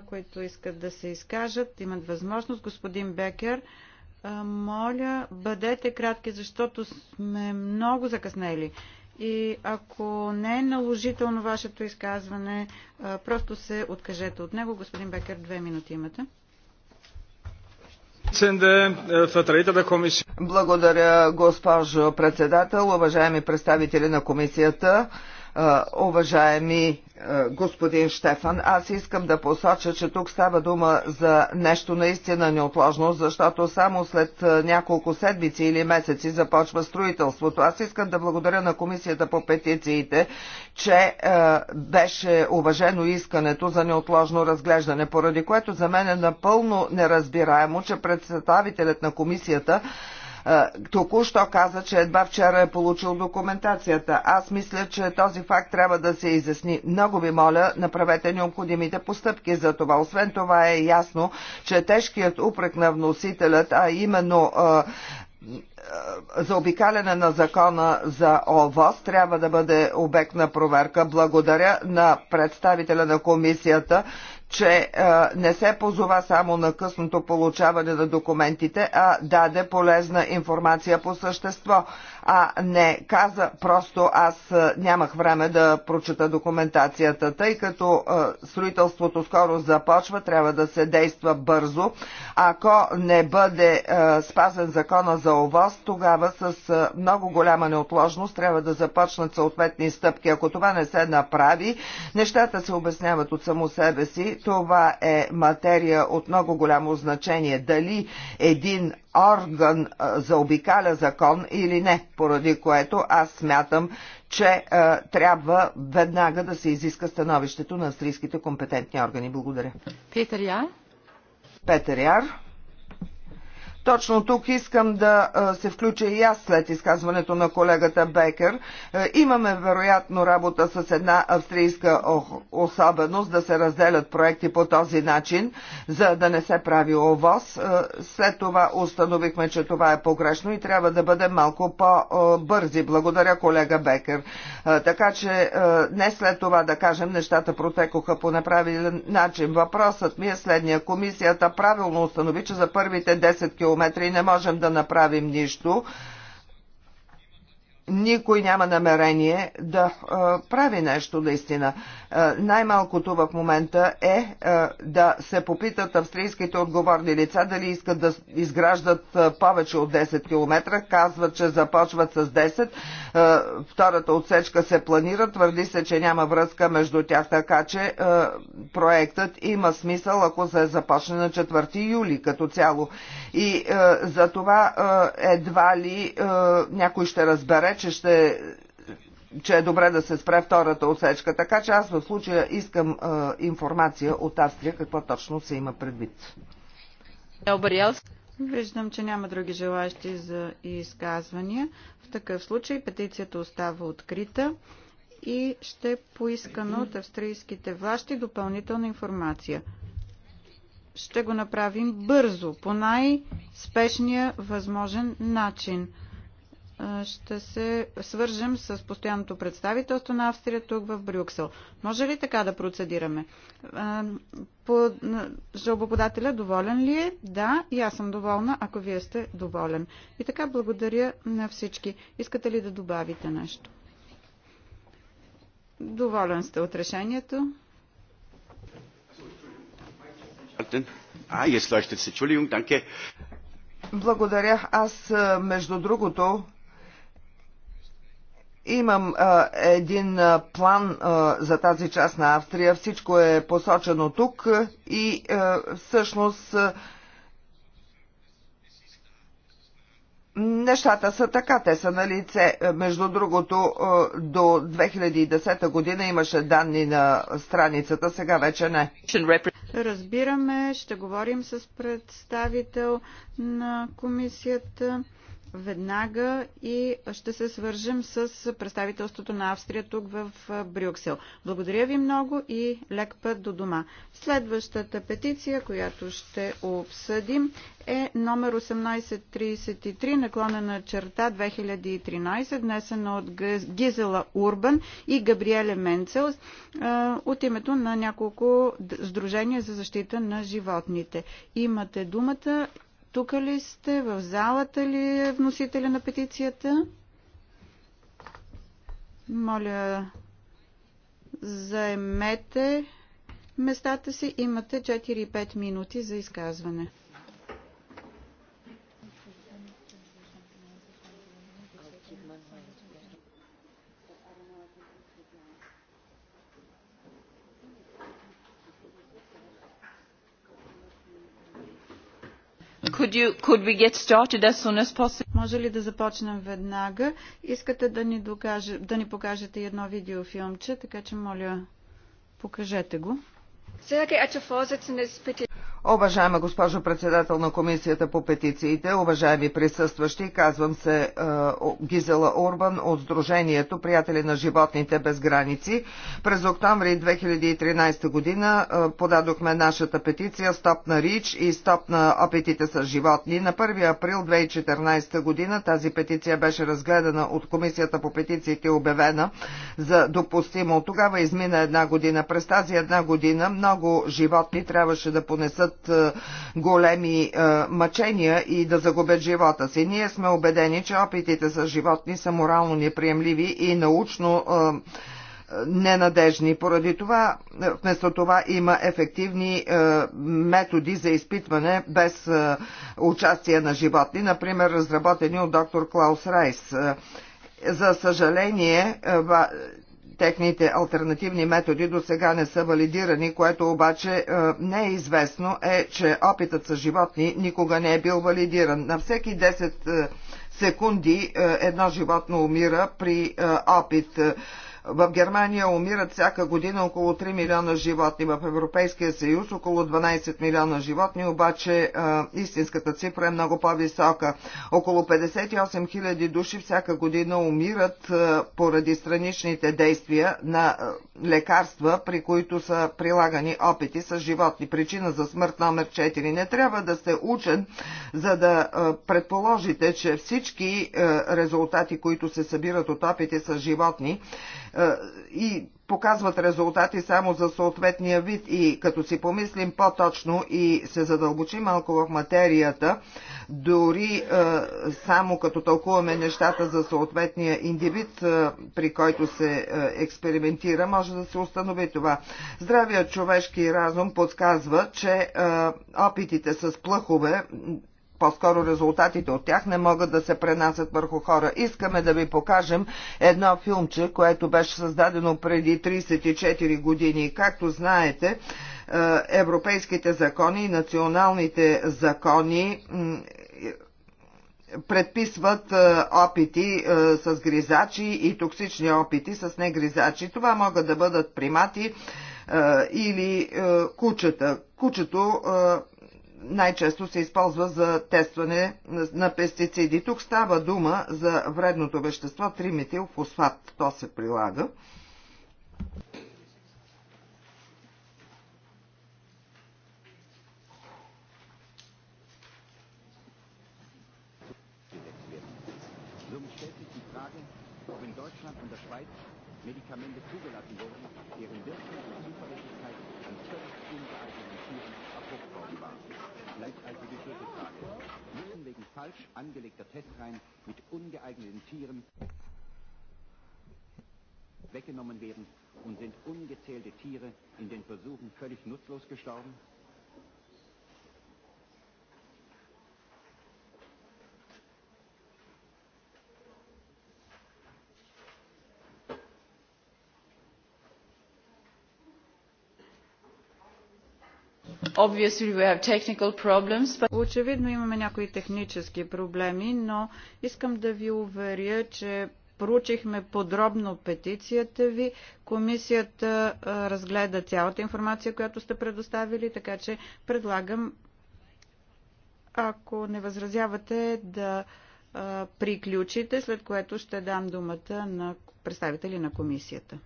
които искат да се изкажат, имат възможност. Господин Бекер, моля, бъдете кратки, защото сме много закъснели. И ако не е наложително вашето изказване, просто се откажете от него. Господин Бекер, две минути имате. Е, Благодаря, госпожо председател, уважаеми представители на комисията уважаеми господин Штефан. Аз искам да посоча, че тук става дума за нещо наистина неотложно, защото само след няколко седмици или месеци започва строителството. Аз искам да благодаря на комисията по петициите, че е, беше уважено искането за неотложно разглеждане, поради което за мен е напълно неразбираемо, че представителят на комисията Току-що каза, че едва вчера е получил документацията. Аз мисля, че този факт трябва да се изясни. Много ви моля, направете необходимите постъпки за това. Освен това е ясно, че тежкият упрек на вносителят, а именно за обикаляне на закона за ОВОС трябва да бъде обект на проверка. Благодаря на представителя на комисията, че а, не се позова само на късното получаване на документите, а даде полезна информация по същество, а не каза просто аз нямах време да прочета документацията, тъй като а, строителството скоро започва, трябва да се действа бързо. Ако не бъде а, спазен закона за овоз, тогава с а, много голяма неотложност трябва да започнат съответни стъпки. Ако това не се направи, нещата се обясняват от само себе си, това е материя от много голямо значение, дали един орган заобикаля закон или не, поради което аз смятам, че е, трябва веднага да се изиска становището на австрийските компетентни органи. Благодаря. Петър Яр. Петър Яр. Точно тук искам да се включа и аз след изказването на колегата Бекер. Имаме вероятно работа с една австрийска особеност да се разделят проекти по този начин, за да не се прави овоз. След това установихме, че това е погрешно и трябва да бъде малко по-бързи. Благодаря колега Бекер. Така че не след това да кажем нещата протекоха по неправилен начин. Въпросът ми е следния. Комисията правилно установи, че за първите 10 км километра и не можем да направим нищо никой няма намерение да а, е, прави нещо наистина. Е, най-малкото в момента е а, е, да се попитат австрийските отговорни лица дали искат да изграждат а, повече от 10 км. Казват, че започват с 10. А, втората отсечка се планира. Твърди се, че няма връзка между тях, така че а, проектът има смисъл, ако се започне на 4 юли като цяло. И а, за това а, едва ли а, някой ще разбере, че ще че е добре да се спре втората отсечка. Така че аз в случая искам а, информация от Австрия какво точно се има предвид. Виждам, че няма други желащи за изказвания. В такъв случай петицията остава открита и ще поискаме от австрийските власти допълнителна информация. Ще го направим бързо, по най-спешния възможен начин ще се свържем с постоянното представителство на Австрия тук в Брюксел. Може ли така да процедираме? По... Жълбоподателя доволен ли е? Да, и аз съм доволна, ако вие сте доволен. И така благодаря на всички. Искате ли да добавите нещо? Доволен сте от решението? Благодаря. Аз, между другото, Имам а, един а, план а, за тази част на Австрия. Всичко е посочено тук и а, всъщност а, нещата са така. Те са на лице. Между другото, а, до 2010 година имаше данни на страницата, сега вече не. Разбираме, ще говорим с представител на комисията веднага и ще се свържем с представителството на Австрия тук в Брюксел. Благодаря ви много и лек път до дома. Следващата петиция, която ще обсъдим е номер 1833 наклона на черта 2013, внесена от Гизела Урбан и Габриеле Менцел от името на няколко сдружения за защита на животните. Имате думата тук ли сте? В залата ли е вносителя на петицията? Моля, заемете местата си. Имате 4-5 минути за изказване. Може ли да започнем веднага? Искате да ни, докаже, да ни покажете едно видеофилмче, така че моля, покажете го. Sehr geehrte Vorsitzende, bitte Уважаема госпожо председател на Комисията по петициите, уважаеми присъстващи, казвам се е, Гизела Урбан от Сдружението Приятели на животните без граници. През октомври 2013 година е, подадохме нашата петиция Стоп на Рич и Стоп на опитите с животни. На 1 април 2014 година тази петиция беше разгледана от Комисията по петициите обявена за допустимо. От тогава измина една година. През тази една година много животни трябваше да понесат понесат е, големи е, мъчения и да загубят живота си. Ние сме убедени, че опитите с животни са морално неприемливи и научно е, ненадежни. Поради това, вместо това има ефективни методи за изпитване без участие на животни, например разработени от доктор Клаус Райс. За съжаление, техните альтернативни методи до сега не са валидирани, което обаче е, не е известно, е, че опитът с животни никога не е бил валидиран. На всеки 10 е, секунди е, едно животно умира при опит в Германия умират всяка година около 3 милиона животни, в Европейския съюз около 12 милиона животни, обаче истинската цифра е много по-висока. Около 58 хиляди души всяка година умират поради страничните действия на лекарства, при които са прилагани опити с животни. Причина за смърт номер 4. Не трябва да сте учен, за да предположите, че всички резултати, които се събират от опити с животни, е, и показват резултати само за съответния вид и като си помислим по-точно и се задълбочи малко в материята, дори е, само като тълкуваме нещата за съответния индивид, е, при който се е, експериментира, може да се установи това. Здравият човешки разум подсказва, че е, опитите с плъхове по-скоро резултатите от тях не могат да се пренасят върху хора. Искаме да ви покажем едно филмче, което беше създадено преди 34 години. Както знаете, е, европейските закони и националните закони предписват е, опити е, с гризачи и токсични опити с негризачи. Това могат да бъдат примати или кучета. Кучето най-често се използва за тестване на пестициди. Тук става дума за вредното вещество триметилфосфат. То се прилага. медикаменти. falsch angelegter Testreihen mit ungeeigneten Tieren weggenommen werden und sind ungezählte Tiere in den Versuchen völlig nutzlos gestorben? Очевидно имаме някои технически проблеми, но искам да ви уверя, че проучихме подробно петицията ви. Комисията разгледа цялата информация, която сте предоставили, така че предлагам, ако не възразявате, да приключите, след което ще дам думата на представители на комисията.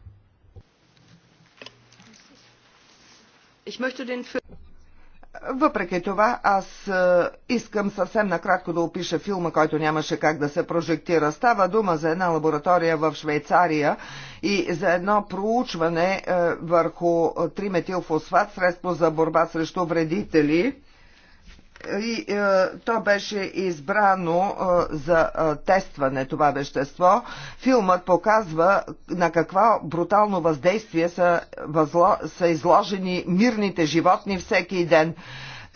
Въпреки това, аз е, искам съвсем накратко да опиша филма, който нямаше как да се прожектира. Става дума за една лаборатория в Швейцария и за едно проучване е, върху триметилфосфат, средство за борба срещу вредители и е, то беше избрано е, за е, тестване това вещество. Филмът показва на какво брутално въздействие са, възло, са изложени мирните животни всеки ден.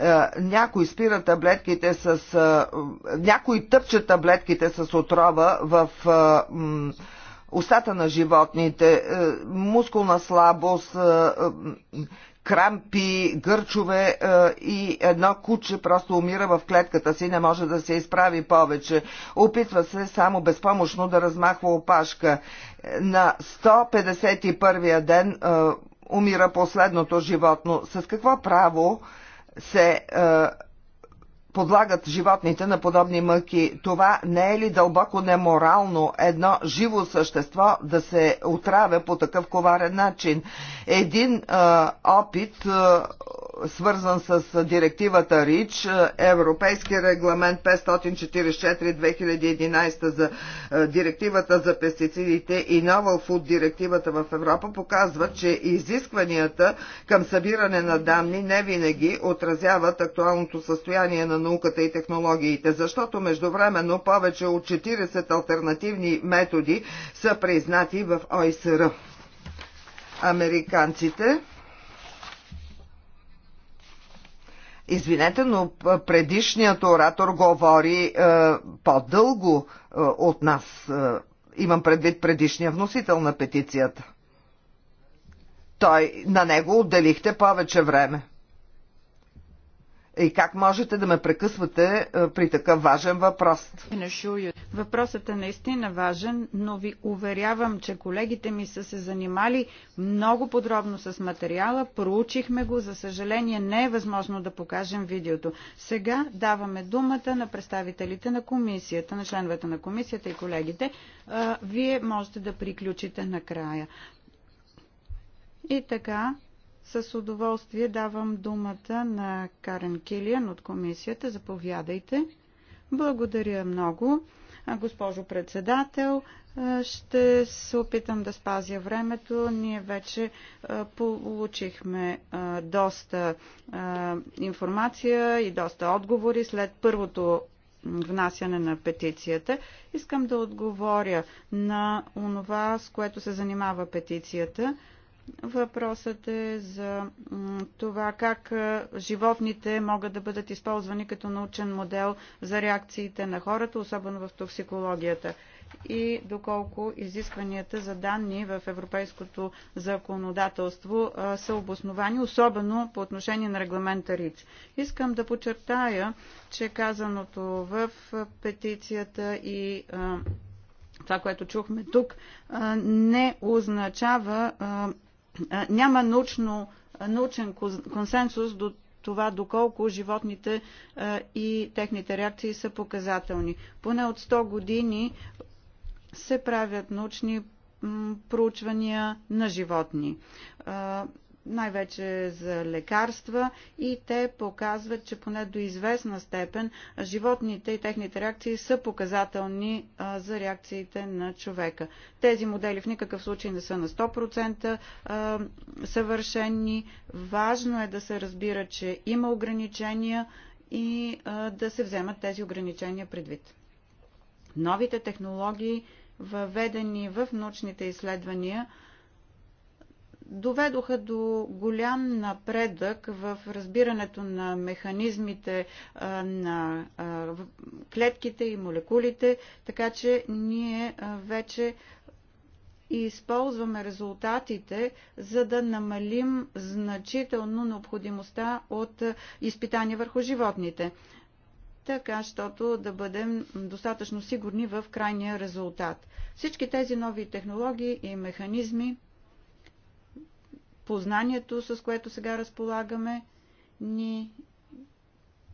Е, някой спира таблетките с... Е, някой тъпче таблетките с отрова в... Е, м- устата на животните, е, мускулна слабост, е, е, крампи, гърчове е, и едно куче просто умира в клетката си, не може да се изправи повече. Опитва се само безпомощно да размахва опашка. На 151-я ден е, умира последното животно. С какво право се е, подлагат животните на подобни мъки. Това не е ли дълбоко неморално едно живо същество да се отравя по такъв коварен начин? Един а, опит, а, свързан с директивата РИЧ, Европейски регламент 544-2011 за а, директивата за пестицидите и Novel Food директивата в Европа, показва, че изискванията към събиране на данни не винаги отразяват актуалното състояние на науката и технологиите, защото междувременно повече от 40 альтернативни методи са признати в ОИСР. Американците Извинете, но предишният оратор говори е, по-дълго е, от нас. Е, имам предвид предишния вносител на петицията. Той, на него отделихте повече време. И как можете да ме прекъсвате е, при такъв важен въпрос? Въпросът е наистина важен, но ви уверявам, че колегите ми са се занимали много подробно с материала, проучихме го, за съжаление не е възможно да покажем видеото. Сега даваме думата на представителите на комисията, на членовете на комисията и колегите. Е, вие можете да приключите накрая. И така, с удоволствие давам думата на Карен Килиан от комисията. Заповядайте. Благодаря много. Госпожо председател, ще се опитам да спазя времето. Ние вече получихме доста информация и доста отговори след първото внасяне на петицията. Искам да отговоря на онова, с което се занимава петицията – Въпросът е за това как животните могат да бъдат използвани като научен модел за реакциите на хората, особено в токсикологията и доколко изискванията за данни в европейското законодателство са обосновани, особено по отношение на регламента РИЧ. Искам да подчертая, че казаното в петицията и това, което чухме тук, не означава няма научно, научен консенсус до това доколко животните и техните реакции са показателни. Поне от 100 години се правят научни проучвания на животни най-вече за лекарства и те показват, че поне до известна степен животните и техните реакции са показателни за реакциите на човека. Тези модели в никакъв случай не са на 100% съвършени. Важно е да се разбира, че има ограничения и да се вземат тези ограничения предвид. Новите технологии, въведени в научните изследвания, доведоха до голям напредък в разбирането на механизмите на клетките и молекулите, така че ние вече и използваме резултатите, за да намалим значително необходимостта от изпитания върху животните, така щото да бъдем достатъчно сигурни в крайния резултат. Всички тези нови технологии и механизми познанието, с което сега разполагаме, ни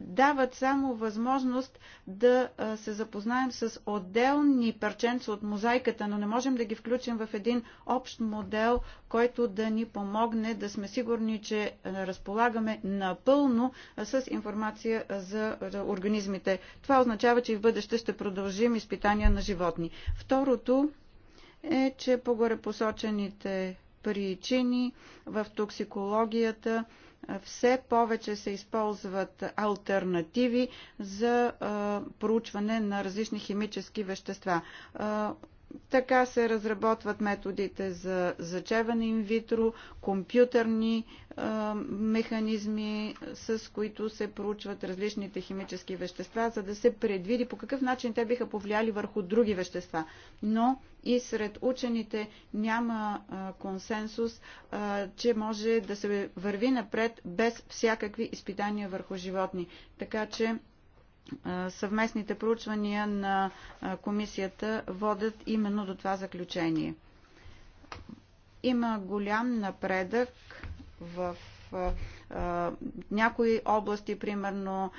дават само възможност да се запознаем с отделни парченца от мозайката, но не можем да ги включим в един общ модел, който да ни помогне да сме сигурни, че разполагаме напълно с информация за организмите. Това означава, че и в бъдеще ще продължим изпитания на животни. Второто е, че по горепосочените причини в токсикологията все повече се използват альтернативи за проучване на различни химически вещества. Така се разработват методите за зачеване инвитро, компютърни е, механизми, с които се проучват различните химически вещества, за да се предвиди по какъв начин те биха повлияли върху други вещества. Но и сред учените няма е, консенсус, е, че може да се върви напред без всякакви изпитания върху животни. Така че съвместните проучвания на комисията водят именно до това заключение. Има голям напредък в някои области, примерно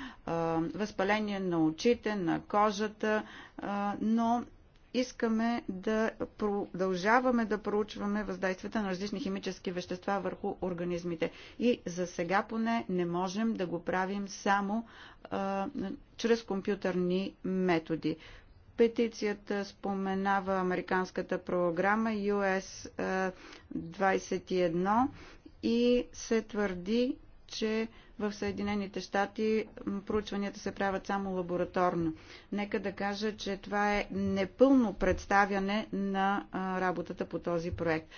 възпаление на очите, на кожата, но искаме да продължаваме да проучваме въздействията на различни химически вещества върху организмите. И за сега поне не можем да го правим само а, чрез компютърни методи. Петицията споменава американската програма US 21 и се твърди, че в Съединените щати проучванията се правят само лабораторно. Нека да кажа, че това е непълно представяне на работата по този проект.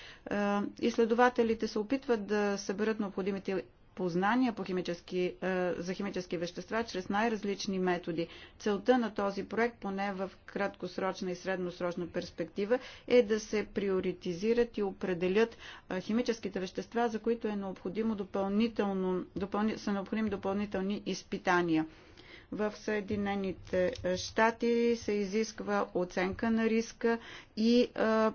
Изследователите се опитват да съберат необходимите познания по химически, е, за химически вещества чрез най-различни методи. Целта на този проект, поне в краткосрочна и средносрочна перспектива, е да се приоритизират и определят е, химическите вещества, за които е необходимо допълнително, допълни, са необходими допълнителни изпитания. В Съединените щати се изисква оценка на риска и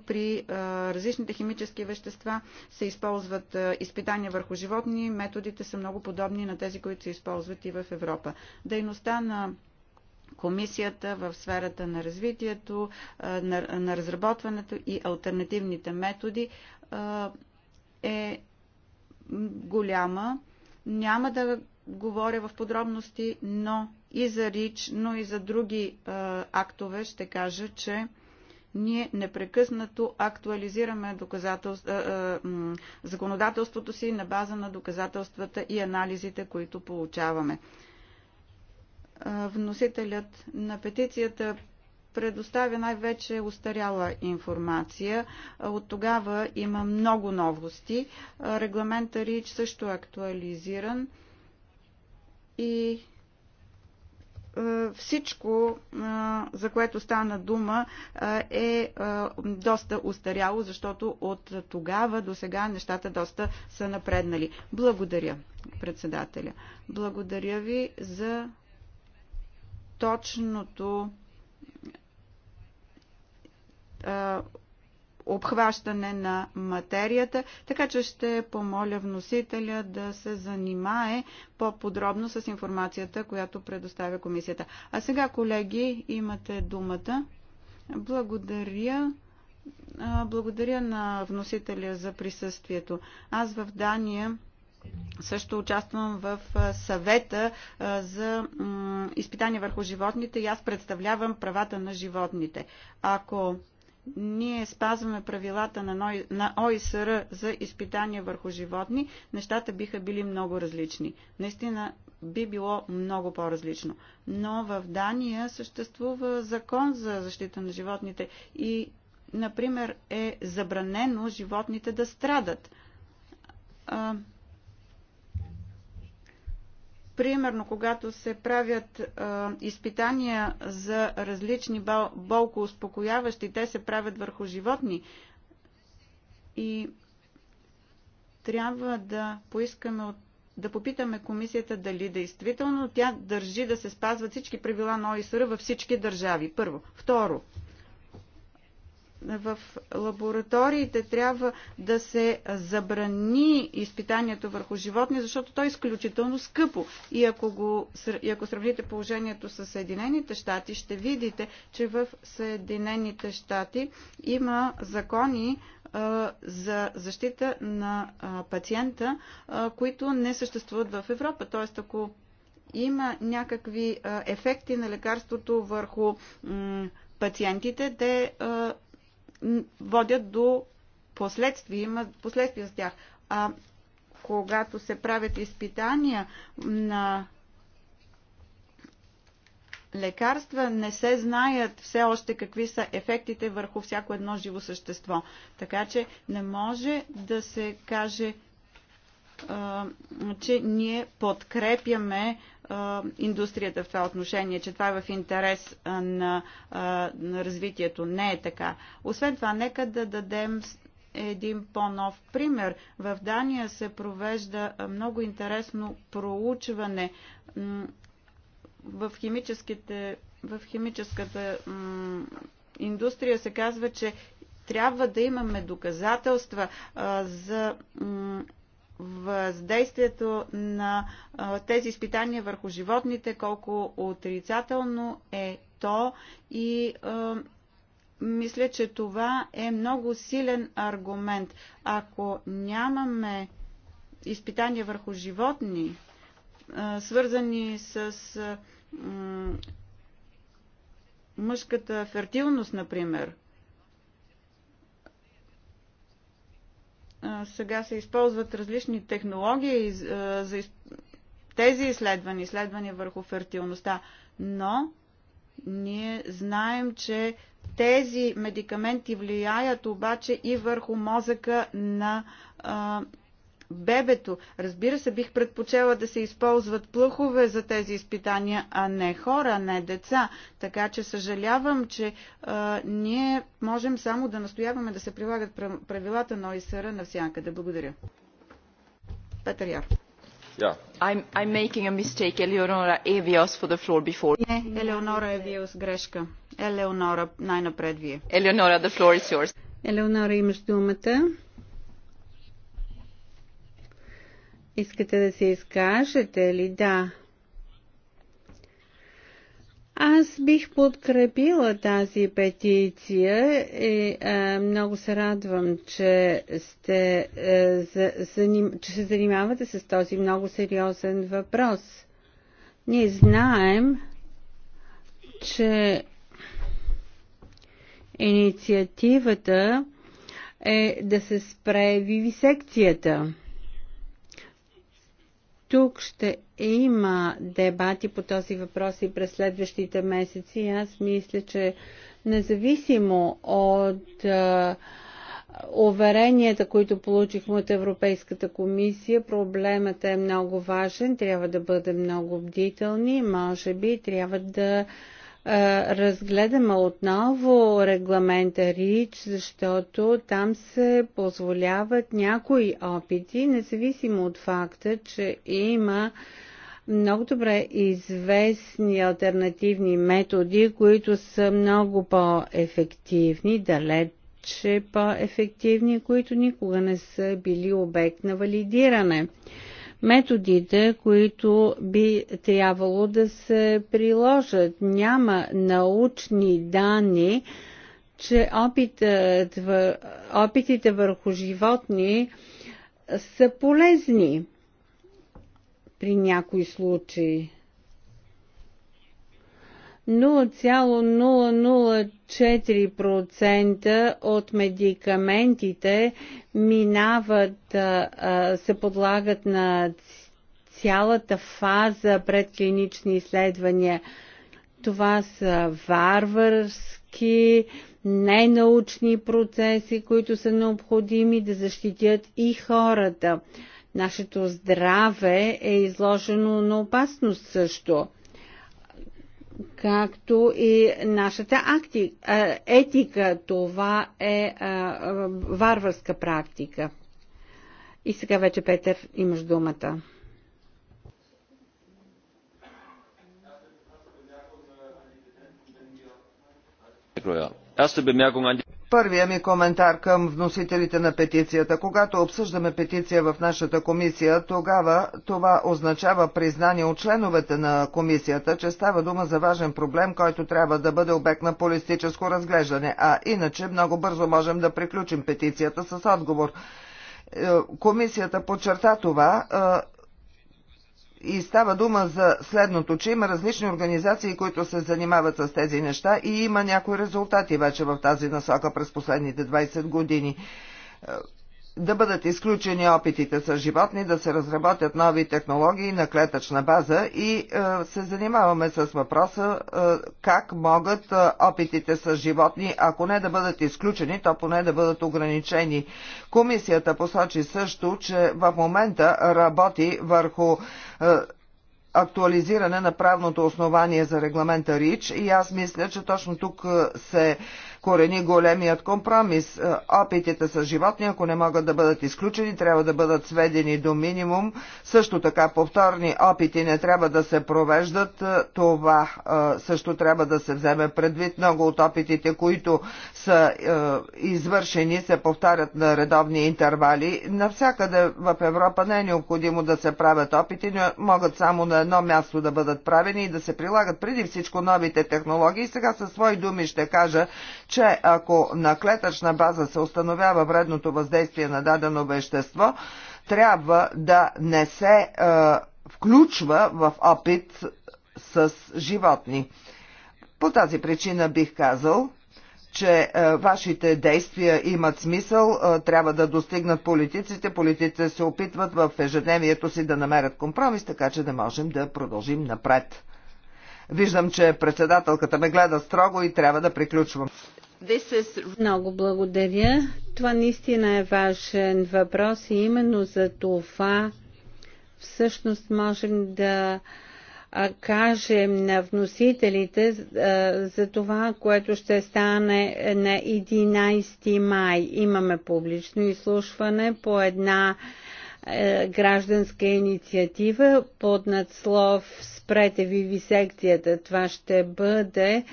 при различните химически вещества се използват изпитания върху животни. Методите са много подобни на тези, които се използват и в Европа. Дейността на комисията в сферата на развитието, на, на разработването и альтернативните методи е голяма. Няма да говоря в подробности, но и за РИЧ, но и за други а, актове ще кажа, че ние непрекъснато актуализираме доказателств... законодателството си на база на доказателствата и анализите, които получаваме. Вносителят на петицията предоставя най-вече устаряла информация. От тогава има много новости. Регламента РИЧ също е актуализиран и е, всичко, е, за което стана дума, е, е доста устаряло, защото от тогава до сега нещата доста са напреднали. Благодаря, председателя. Благодаря ви за точното обхващане на материята, така че ще помоля вносителя да се занимае по-подробно с информацията, която предоставя комисията. А сега, колеги, имате думата. Благодаря. Благодаря на вносителя за присъствието. Аз в Дания също участвам в съвета за изпитания върху животните и аз представлявам правата на животните. Ако ние спазваме правилата на ОИСР за изпитания върху животни, нещата биха били много различни. Наистина би било много по-различно. Но в Дания съществува закон за защита на животните и, например, е забранено животните да страдат. Примерно, когато се правят а, изпитания за различни бол, болко успокояващи, те се правят върху животни. И трябва да поискаме от да попитаме комисията дали действително тя държи да се спазват всички правила на ОИСР във всички държави. Първо. Второ, в лабораториите трябва да се забрани изпитанието върху животни, защото то е изключително скъпо. И ако, го, и ако сравните положението с Съединените щати, ще видите, че в Съединените щати има закони а, за защита на а, пациента, а, които не съществуват в Европа. Тоест, ако има някакви ефекти на лекарството върху пациентите, те водят до последствия, имат последствия с тях. А когато се правят изпитания на лекарства, не се знаят все още какви са ефектите върху всяко едно живо същество. Така че не може да се каже, че ние подкрепяме индустрията в това отношение, че това е в интерес на, на развитието. Не е така. Освен това, нека да дадем един по-нов пример. В Дания се провежда много интересно проучване в, химическите, в химическата индустрия се казва, че трябва да имаме доказателства а, за въздействието на тези изпитания върху животните, колко отрицателно е то и мисля, че това е много силен аргумент. Ако нямаме изпитания върху животни, свързани с мъжката фертилност, например, сега се използват различни технологии е, за тези изследвания, изследвания върху фертилността, но ние знаем, че тези медикаменти влияят обаче и върху мозъка на бебето. Разбира се, бих предпочела да се използват плъхове за тези изпитания, а не хора, не деца. Така че съжалявам, че а, ние можем само да настояваме да се прилагат правилата на ОИСР навсякъде. Благодаря. Петър Яр. Yeah. I'm, I'm making a mistake. Елеонора Евиос for the floor before. Не, Елеонора Евиос, грешка. Елеонора, най-напред вие. Елеонора, the floor is yours. Елеонора, имаш думата. Искате да се изкажете ли? Да. Аз бих подкрепила тази петиция и е, много се радвам, че, сте, е, за, заним, че се занимавате с този много сериозен въпрос. Ние знаем, че инициативата е да се спре вивисекцията. Тук ще има дебати по този въпрос и през следващите месеци. Аз мисля, че независимо от уверенията, които получихме от Европейската комисия, проблемът е много важен, трябва да бъдем много бдителни, може би трябва да разгледаме отново регламента РИЧ, защото там се позволяват някои опити, независимо от факта, че има много добре известни альтернативни методи, които са много по-ефективни, далече по-ефективни, които никога не са били обект на валидиране методите, които би трябвало да се приложат. Няма научни данни, че опитът, опитите върху животни са полезни при някои случаи. 0,004% от медикаментите минават, се подлагат на цялата фаза предклинични изследвания. Това са варварски, ненаучни процеси, които са необходими да защитят и хората. Нашето здраве е изложено на опасност също както и нашата акти, етика. Това е варварска практика. И сега вече, Петър, имаш думата. Проява. Е, Първия ми коментар към вносителите на петицията. Когато обсъждаме петиция в нашата комисия, тогава това означава признание от членовете на комисията, че става дума за важен проблем, който трябва да бъде обект на политическо разглеждане. А иначе много бързо можем да приключим петицията с отговор. Е, комисията подчерта това е, и става дума за следното, че има различни организации, които се занимават с тези неща и има някои резултати вече в тази насока през последните 20 години. Е, да бъдат изключени опитите с животни, да се разработят нови технологии на клетъчна база и е, се занимаваме с въпроса е, как могат е, опитите с животни, ако не да бъдат изключени, то поне да бъдат ограничени. Комисията посочи също, че в момента работи върху е, актуализиране на правното основание за регламента РИЧ и аз мисля, че точно тук е, се корени големият компромис. Е, опитите с животни, ако не могат да бъдат изключени, трябва да бъдат сведени до минимум. Също така повторни опити не трябва да се провеждат. Е, това също трябва да се вземе предвид. Много от опитите, които са извършени, се повтарят на редовни интервали. Навсякъде в Европа не е необходимо да се правят опити, но могат само на едно място да бъдат правени и да се прилагат преди всичко новите технологии. Сега със свои думи ще кажа, че ако на клетъчна база се установява вредното въздействие на дадено вещество, трябва да не се е, включва в опит с животни. По тази причина бих казал, че е, вашите действия имат смисъл, е, трябва да достигнат политиците. Политиците се опитват в ежедневието си да намерят компромис, така че да можем да продължим напред. Виждам, че председателката ме гледа строго и трябва да приключвам. Is... Много благодаря. Това наистина е важен въпрос и именно за това всъщност можем да кажем на вносителите за това, което ще стане на 11 май. Имаме публично изслушване по една е, гражданска инициатива под надслов Спрете ви висекцията. Това ще бъде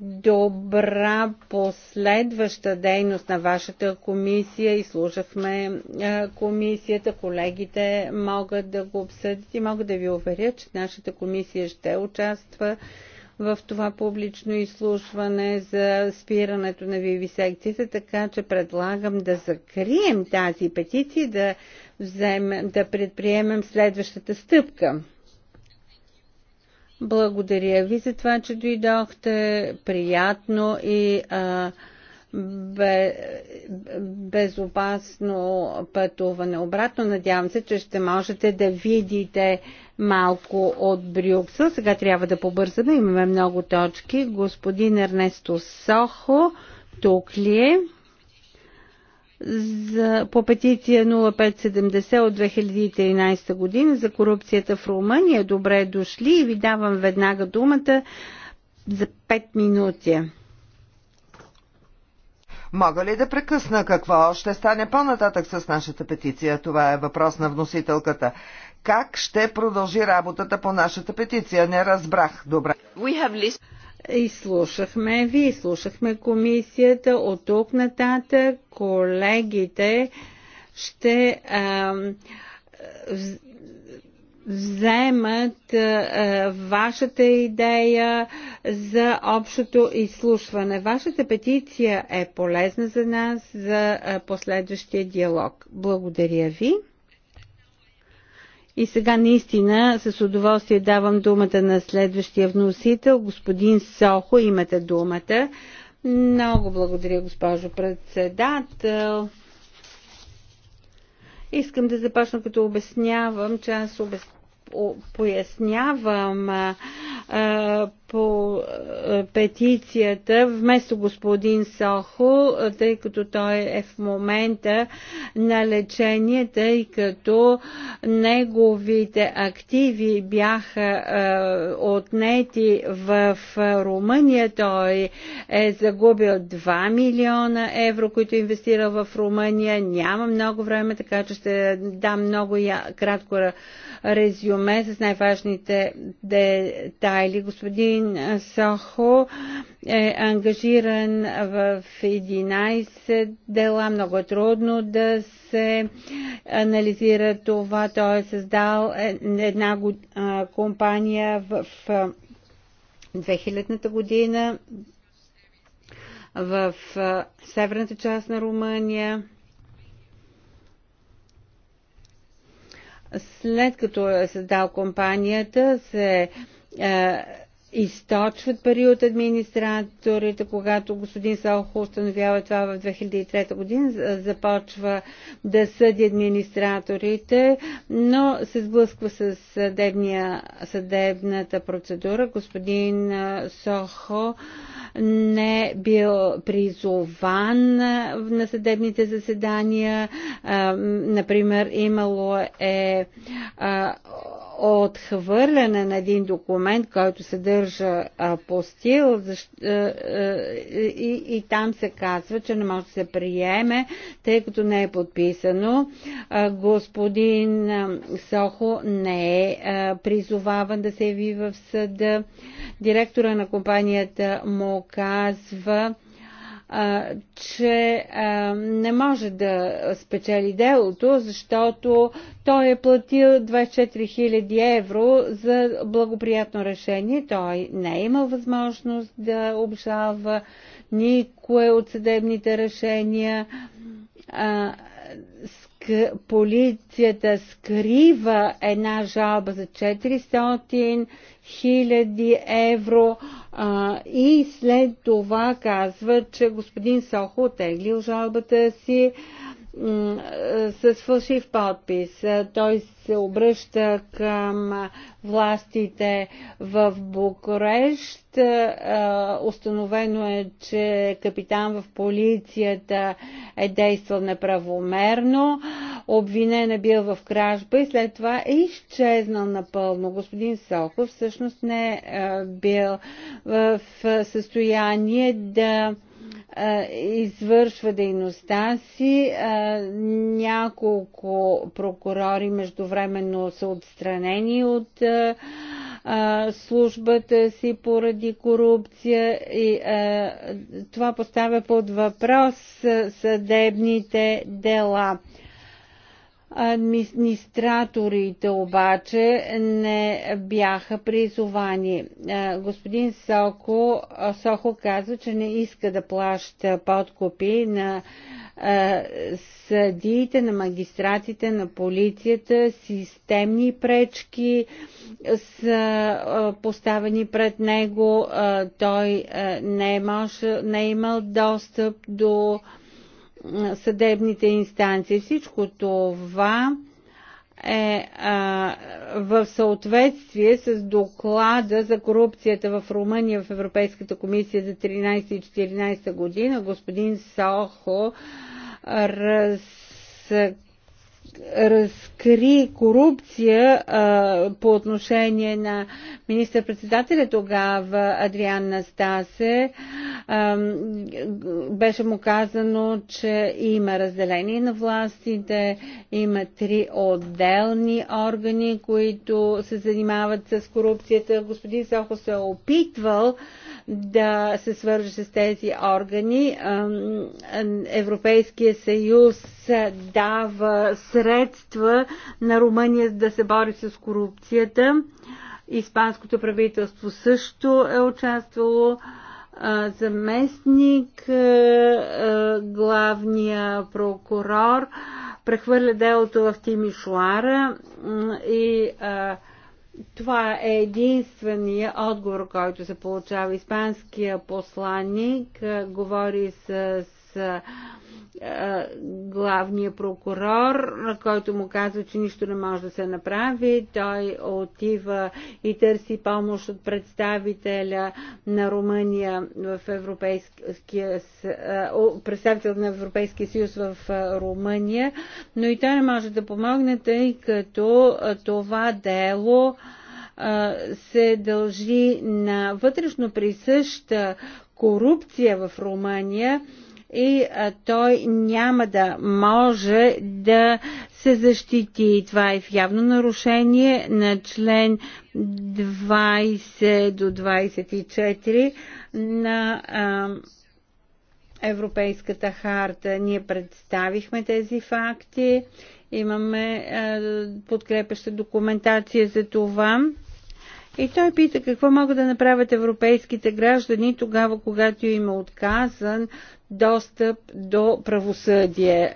добра последваща дейност на вашата комисия и слушахме комисията, колегите могат да го обсъдят и могат да ви уверя, че нашата комисия ще участва в това публично изслушване за спирането на виви секцията, така че предлагам да закрием тази петиция, да, вземем, да предприемем следващата стъпка. Благодаря ви за това, че дойдохте. Приятно и а, бе, безопасно пътуване. Обратно надявам се, че ще можете да видите малко от Брюксел. Сега трябва да побързаме. Имаме много точки. Господин Ернесто Сохо, тук ли е? за, по петиция 0570 от 2013 година за корупцията в Румъния. Добре дошли и ви давам веднага думата за 5 минути. Мога ли да прекъсна какво ще стане по-нататък с нашата петиция? Това е въпрос на вносителката. Как ще продължи работата по нашата петиция? Не разбрах. Добре. Изслушахме ви, изслушахме комисията. От тук нататък колегите ще а, вземат а, вашата идея за общото изслушване. Вашата петиция е полезна за нас за последващия диалог. Благодаря ви. И сега наистина с удоволствие давам думата на следващия вносител, господин Сохо, имате думата. Много благодаря, госпожо председател. Искам да започна като обяснявам, че аз обяс... пояснявам а, а, по е, петицията вместо господин Сохо, е, тъй като той е в момента на лечение, тъй като неговите активи бяха е, отнети в Румъния. Той е загубил 2 милиона евро, които инвестира в Румъния. Няма много време, така че ще дам много я, кратко резюме с най-важните детайли. Господин Господин Сохо е ангажиран в 11 дела. Много е трудно да се анализира това. Той е създал е, една компания в 2000-та година в северната част на Румъния. След като е създал компанията, се е, източват пари от администраторите, когато господин Салхо установява това в 2003 година, започва да съди администраторите, но се сблъсква с съдебния, съдебната процедура. Господин Сохо не бил призован на съдебните заседания. Например, имало е отхвърляне на един документ, който съдържа апостил защ... и, и там се казва, че не може да се приеме, тъй като не е подписано. Господин Сохо не е призоваван да се яви в съда. Директора на компанията му показва, че не може да спечели делото, защото той е платил 24 000 евро за благоприятно решение. Той не е имал възможност да обжалва никое от съдебните решения. Полицията скрива една жалба за 400 000 евро а, и след това казва, че господин Сохо отегли жалбата си, с фалшив подпис. Той се обръща към властите в Букурещ. Установено е, че капитан в полицията е действал неправомерно. Обвинен е бил в кражба и след това е изчезнал напълно. Господин Сохов, всъщност не е бил в състояние да извършва дейността си. Няколко прокурори междувременно са отстранени от службата си поради корупция и това поставя под въпрос съдебните дела. Администраторите обаче не бяха призовани. Е, господин Соко, Сохо казва, че не иска да плаща подкупи на е, съдиите, на магистратите, на полицията. Системни пречки са е, поставени пред него. Той не е, мож, не е имал достъп до съдебните инстанции. Всичко това е а, в съответствие с доклада за корупцията в Румъния в Европейската комисия за 13 и 14 година. Господин Сохо раз разкри корупция а, по отношение на министър-председателя тогава Адриан Настасе. А, беше му казано, че има разделение на властите, има три отделни органи, които се занимават с корупцията. Господин Сахо се е опитвал да се свържи с тези органи. Европейския съюз дава средства на Румъния да се бори с корупцията. Испанското правителство също е участвало заместник главния прокурор прехвърля делото в Тимишуара и а, това е единствения отговор, който се получава. Испанския посланник говори с, с главния прокурор, който му казва, че нищо не може да се направи. Той отива и търси помощ от представителя на Румъния в Европейския представител на Европейския съюз в Румъния, но и той не може да помогне, тъй като това дело се дължи на вътрешно присъща корупция в Румъния и той няма да може да се защити. Това е в явно нарушение на член 20 до 24 на а, Европейската харта. Ние представихме тези факти, имаме а, подкрепеща документация за това. И той пита какво могат да направят европейските граждани тогава, когато им е отказан достъп до правосъдие.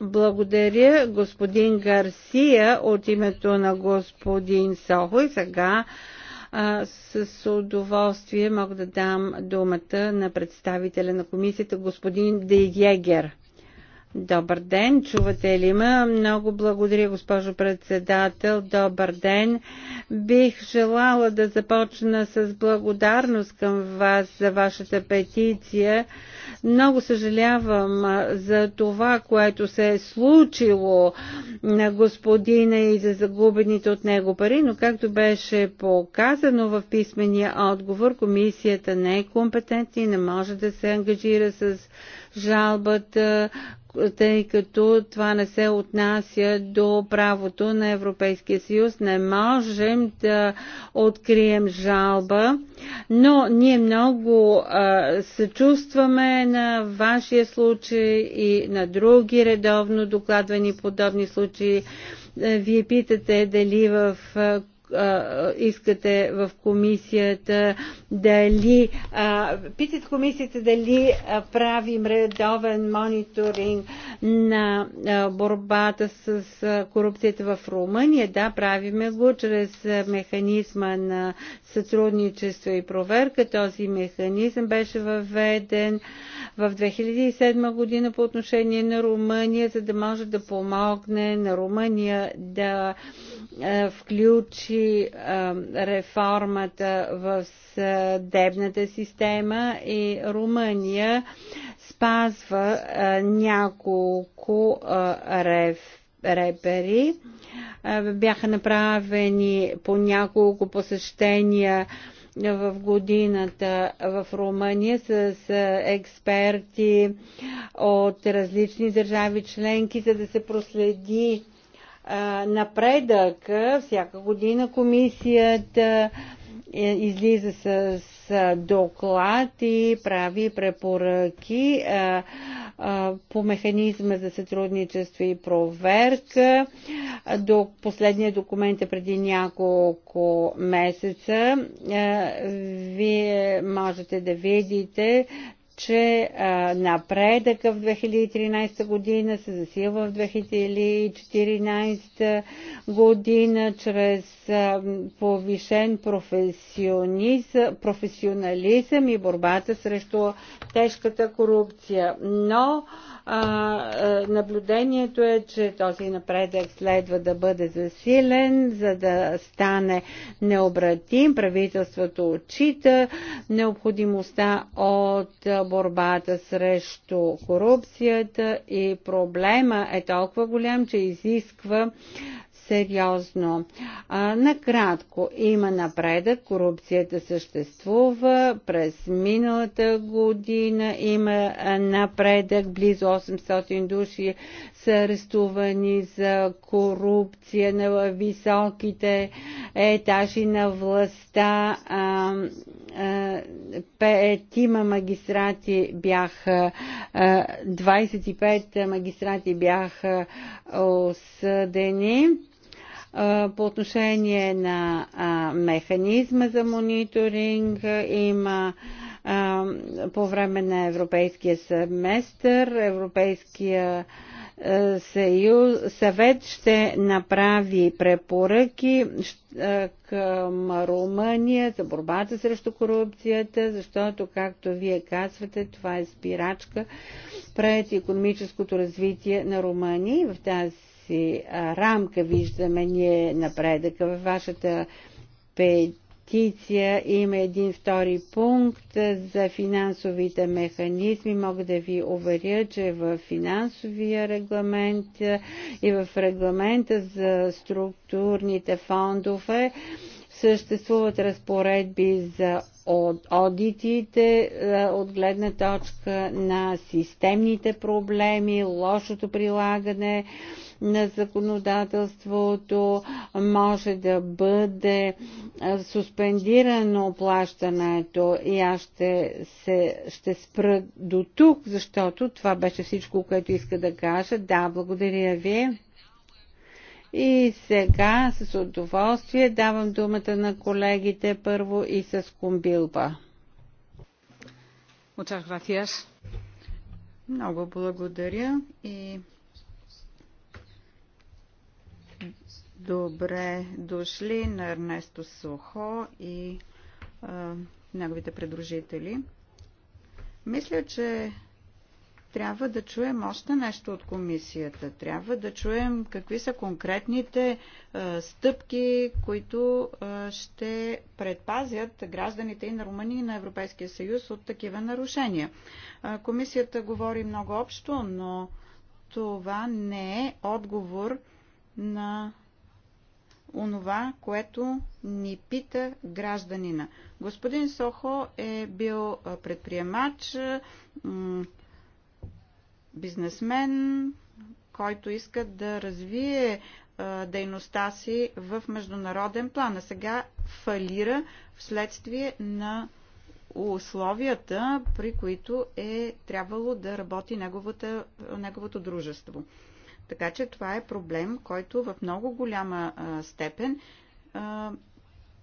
Благодаря господин Гарсия от името на господин Сохо и сега а, с удоволствие мога да дам думата на представителя на комисията господин Дейегер. Добър ден, чувате ли ме? Много благодаря, госпожо председател. Добър ден. Бих желала да започна с благодарност към вас за вашата петиция. Много съжалявам за това, което се е случило на господина и за загубените от него пари, но както беше показано в писмения отговор, комисията не е компетентна и не може да се ангажира с жалбата, тъй като това не се отнася до правото на Европейския съюз. Не можем да открием жалба, но ние много а, съчувстваме на вашия случай и на други редовно докладвани подобни случаи. Вие питате дали в искате в комисията, дали а, питат комисията дали а, правим редовен мониторинг на а, борбата с а, корупцията в Румъния. Да, правиме го чрез механизма на сътрудничество и проверка. Този механизъм беше въведен а, в 2007 година по отношение на Румъния, за да може да помогне на Румъния да е, включи е, реформата в съдебната система и Румъния спазва е, няколко репери. Бяха направени по няколко посещения в годината в Румъния с експерти от различни държави членки, за да се проследи напредък. Всяка година комисията е, излиза с доклад и прави препоръки по механизма за сътрудничество и проверка. До последния документ е преди няколко месеца. вие можете да видите че напредъка в 2013 година се засилва в 2014 година чрез повишен професионализъм и борбата срещу тежката корупция. Но а, наблюдението е, че този напредък следва да бъде засилен, за да стане необратим. Правителството отчита необходимостта от борбата срещу корупцията и проблема е толкова голям, че изисква сериозно. А, накратко, има напредък, корупцията съществува, през миналата година има напредък, близо 800 души са арестувани за корупция на високите етажи на властта. петима е, магистрати бяха, 25 магистрати бяха осъдени по отношение на механизма за мониторинг има по време на европейския семестър, европейския съюз, съвет ще направи препоръки към Румъния за борбата срещу корупцията, защото, както вие казвате, това е спирачка пред економическото развитие на Румъния и в тази рамка виждаме ние напредъка във вашата петиция петиция има един втори пункт за финансовите механизми. Мога да ви уверя, че в финансовия регламент и в регламента за структурните фондове съществуват разпоредби за одитите е, от гледна точка на системните проблеми, лошото прилагане на законодателството, може да бъде суспендирано плащането и аз ще, се, ще спра до тук, защото това беше всичко, което иска да кажа. Да, благодаря ви. И сега с удоволствие давам думата на колегите първо и с Комбилба. Много благодаря и Добре дошли на Ернесто Сухо и а, неговите предружители. Мисля, че трябва да чуем още нещо от комисията. Трябва да чуем какви са конкретните а, стъпки, които а, ще предпазят гражданите и на Румъния и на Европейския съюз от такива нарушения. А, комисията говори много общо, но това не е отговор на онова, което ни пита гражданина. Господин Сохо е бил предприемач, бизнесмен, който иска да развие дейността си в международен план, а сега фалира вследствие на условията, при които е трябвало да работи неговото, неговото дружество. Така че това е проблем, който в много голяма степен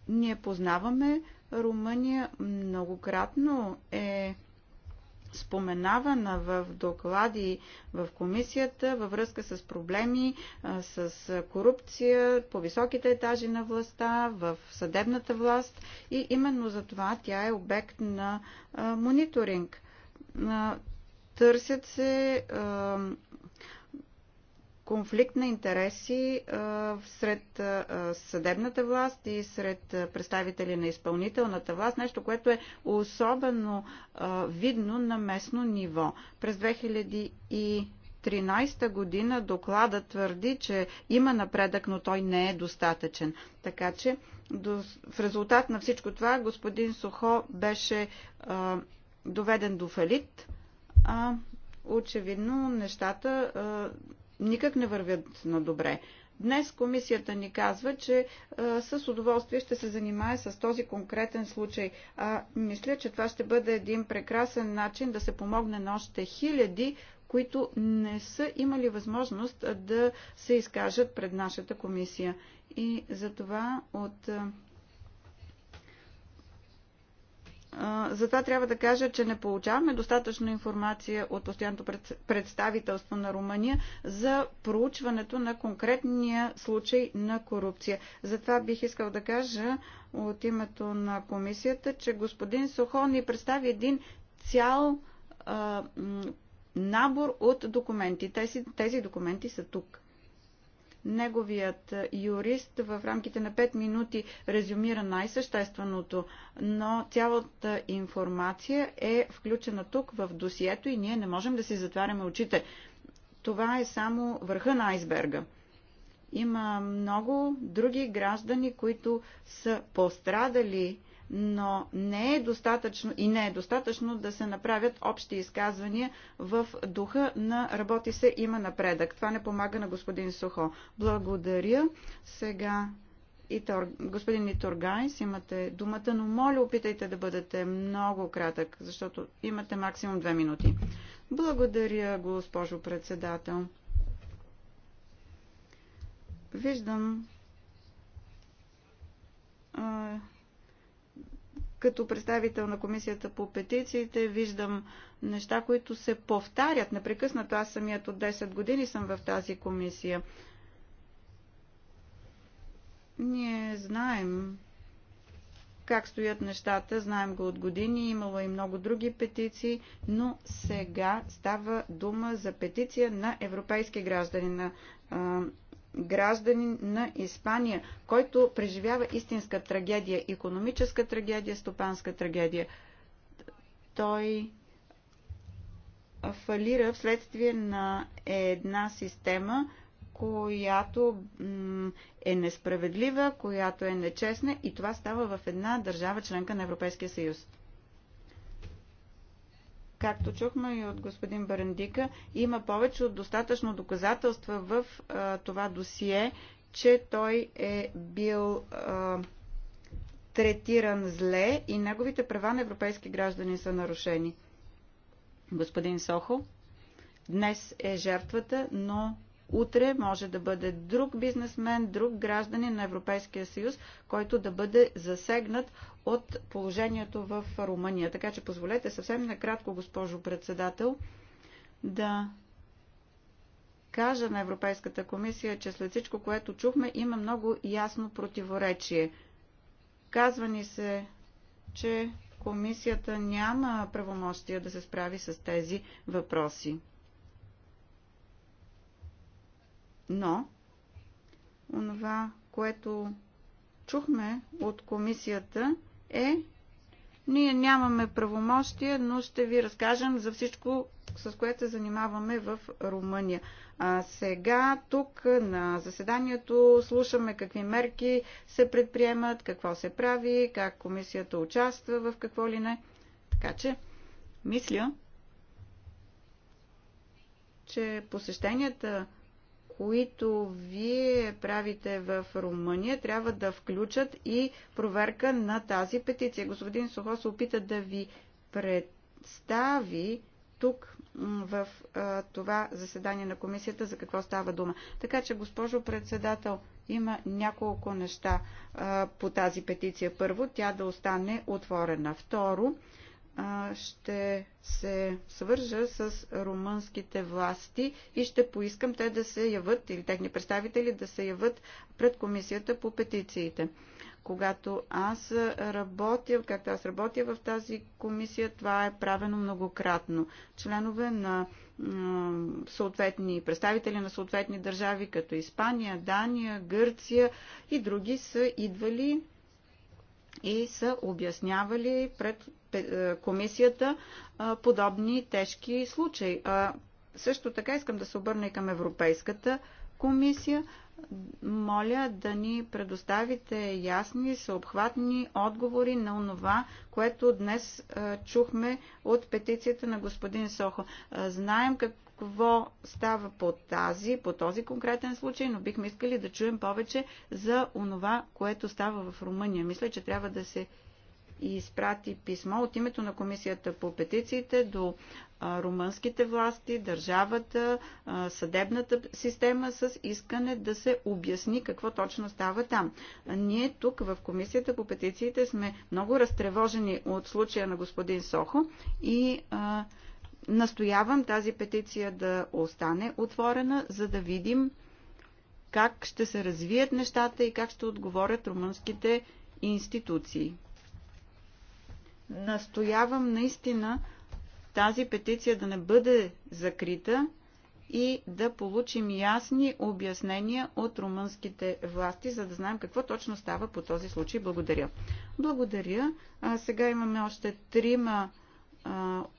ние познаваме. Румъния многократно е споменавана в доклади в комисията във връзка с проблеми с корупция по високите етажи на властта, в съдебната власт и именно за това тя е обект на мониторинг. Търсят се конфликт на интереси сред съдебната власт и сред представители на изпълнителната власт, нещо, което е особено видно на местно ниво. През 2013 година доклада твърди, че има напредък, но той не е достатъчен. Така че в резултат на всичко това господин Сухо беше доведен до фалит очевидно нещата никак не вървят на добре. Днес комисията ни казва, че а, с удоволствие ще се занимае с този конкретен случай. А, мисля, че това ще бъде един прекрасен начин да се помогне на още хиляди, които не са имали възможност да се изкажат пред нашата комисия. И затова от затова трябва да кажа, че не получаваме достатъчно информация от постоянното представителство на Румъния за проучването на конкретния случай на корупция. Затова бих искал да кажа от името на комисията, че господин Сохон ни представи един цял а, набор от документи. Тези, тези документи са тук. Неговият юрист в рамките на 5 минути резюмира най-същественото, но цялата информация е включена тук в досието и ние не можем да си затваряме очите. Това е само върха на айсберга има много други граждани, които са пострадали но не е достатъчно и не е достатъчно да се направят общи изказвания в духа на работи се има напредък. Това не помага на господин Сухо. Благодаря. Сега Итор, господин Итургайс, имате думата, но моля опитайте да бъдете много кратък, защото имате максимум две минути. Благодаря, госпожо председател. Виждам като представител на комисията по петициите виждам неща, които се повтарят непрекъснато. Аз самият от 10 години съм в тази комисия. Ние знаем как стоят нещата, знаем го от години, имало и много други петиции, но сега става дума за петиция на европейски граждани, на гражданин на Испания, който преживява истинска трагедия, економическа трагедия, стопанска трагедия. Той фалира вследствие на една система, която е несправедлива, която е нечестна и това става в една държава членка на Европейския съюз. Както чухме и от господин Барандика, има повече от достатъчно доказателства в а, това досие, че той е бил а, третиран зле и неговите права на европейски граждани са нарушени. Господин Сохо днес е жертвата, но Утре може да бъде друг бизнесмен, друг гражданин на Европейския съюз, който да бъде засегнат от положението в Румъния. Така че позволете съвсем накратко, госпожо председател, да кажа на Европейската комисия, че след всичко, което чухме, има много ясно противоречие. Казва ни се, че комисията няма правомощия да се справи с тези въпроси. Но, онова, което чухме от комисията е, ние нямаме правомощия, но ще ви разкажем за всичко, с което се занимаваме в Румъния. А сега тук на заседанието слушаме какви мерки се предприемат, какво се прави, как комисията участва в какво ли не. Така че, мисля, че посещенията които вие правите в Румъния, трябва да включат и проверка на тази петиция. Господин Сухо се опита да ви представи тук в а, това заседание на комисията за какво става дума. Така че, госпожо председател, има няколко неща а, по тази петиция. Първо, тя да остане отворена. Второ, ще се свържа с румънските власти и ще поискам те да се яват или техни представители да се яват пред комисията по петициите. Когато аз работя, както аз работя в тази комисия, това е правено многократно. Членове на съответни представители на съответни държави, като Испания, Дания, Гърция и други са идвали и са обяснявали пред е, комисията е, подобни тежки случаи. Също така искам да се обърна и към Европейската комисия. Моля да ни предоставите ясни, съобхватни отговори на онова, което днес е, чухме от петицията на господин Сохо. Знаем как какво става по, тази, по този конкретен случай, но бихме искали да чуем повече за онова, което става в Румъния. Мисля, че трябва да се изпрати писмо от името на Комисията по петициите до румънските власти, държавата, съдебната система с искане да се обясни какво точно става там. Ние тук в Комисията по петициите сме много разтревожени от случая на господин Сохо и настоявам тази петиция да остане отворена, за да видим как ще се развият нещата и как ще отговорят румънските институции. Настоявам наистина тази петиция да не бъде закрита и да получим ясни обяснения от румънските власти, за да знаем какво точно става по този случай. Благодаря. Благодаря. А сега имаме още трима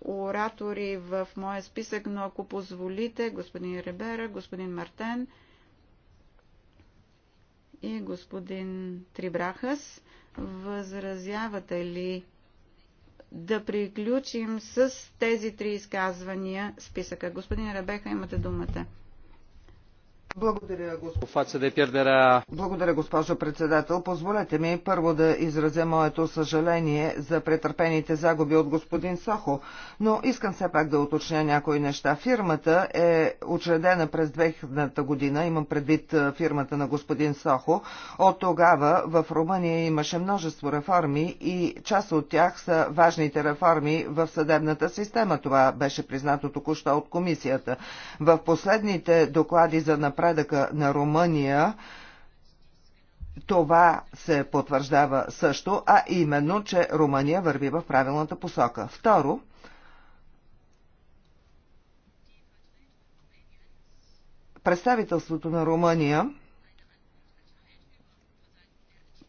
оратори в моя списък, но ако позволите, господин Ребера, господин Мартен и господин Трибрахас, възразявате ли да приключим с тези три изказвания списъка? Господин Ребеха, имате думата. Благодаря, госпожо. Е Благодаря, госпожо председател. Позволете ми първо да изразя моето съжаление за претърпените загуби от господин Сохо, но искам все пак да уточня някои неща. Фирмата е учредена през 2000 година, имам предвид фирмата на господин Сохо. От тогава в Румъния имаше множество реформи и част от тях са важните реформи в съдебната система. Това беше признато току-що от комисията. В последните доклади за напред напредъка на Румъния, това се потвърждава също, а именно, че Румъния върви в правилната посока. Второ, представителството на Румъния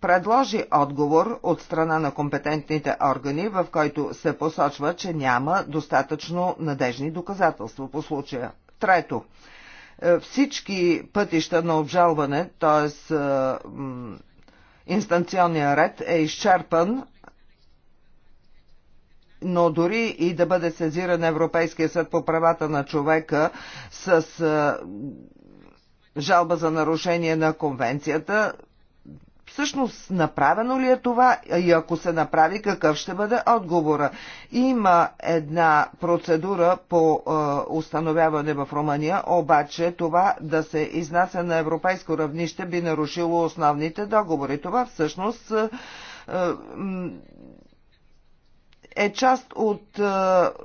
предложи отговор от страна на компетентните органи, в който се посочва, че няма достатъчно надежни доказателства по случая. Трето, е, всички пътища на обжалване, т.е. Е, инстанционния ред е изчерпан, но дори и да бъде сезиран Европейския съд по правата на човека с е, жалба за нарушение на конвенцията, Всъщност, направено ли е това и ако се направи, какъв ще бъде отговора? Има една процедура по е, установяване в Румъния, обаче това да се изнася на европейско равнище би нарушило основните договори. Това всъщност е, е част от е,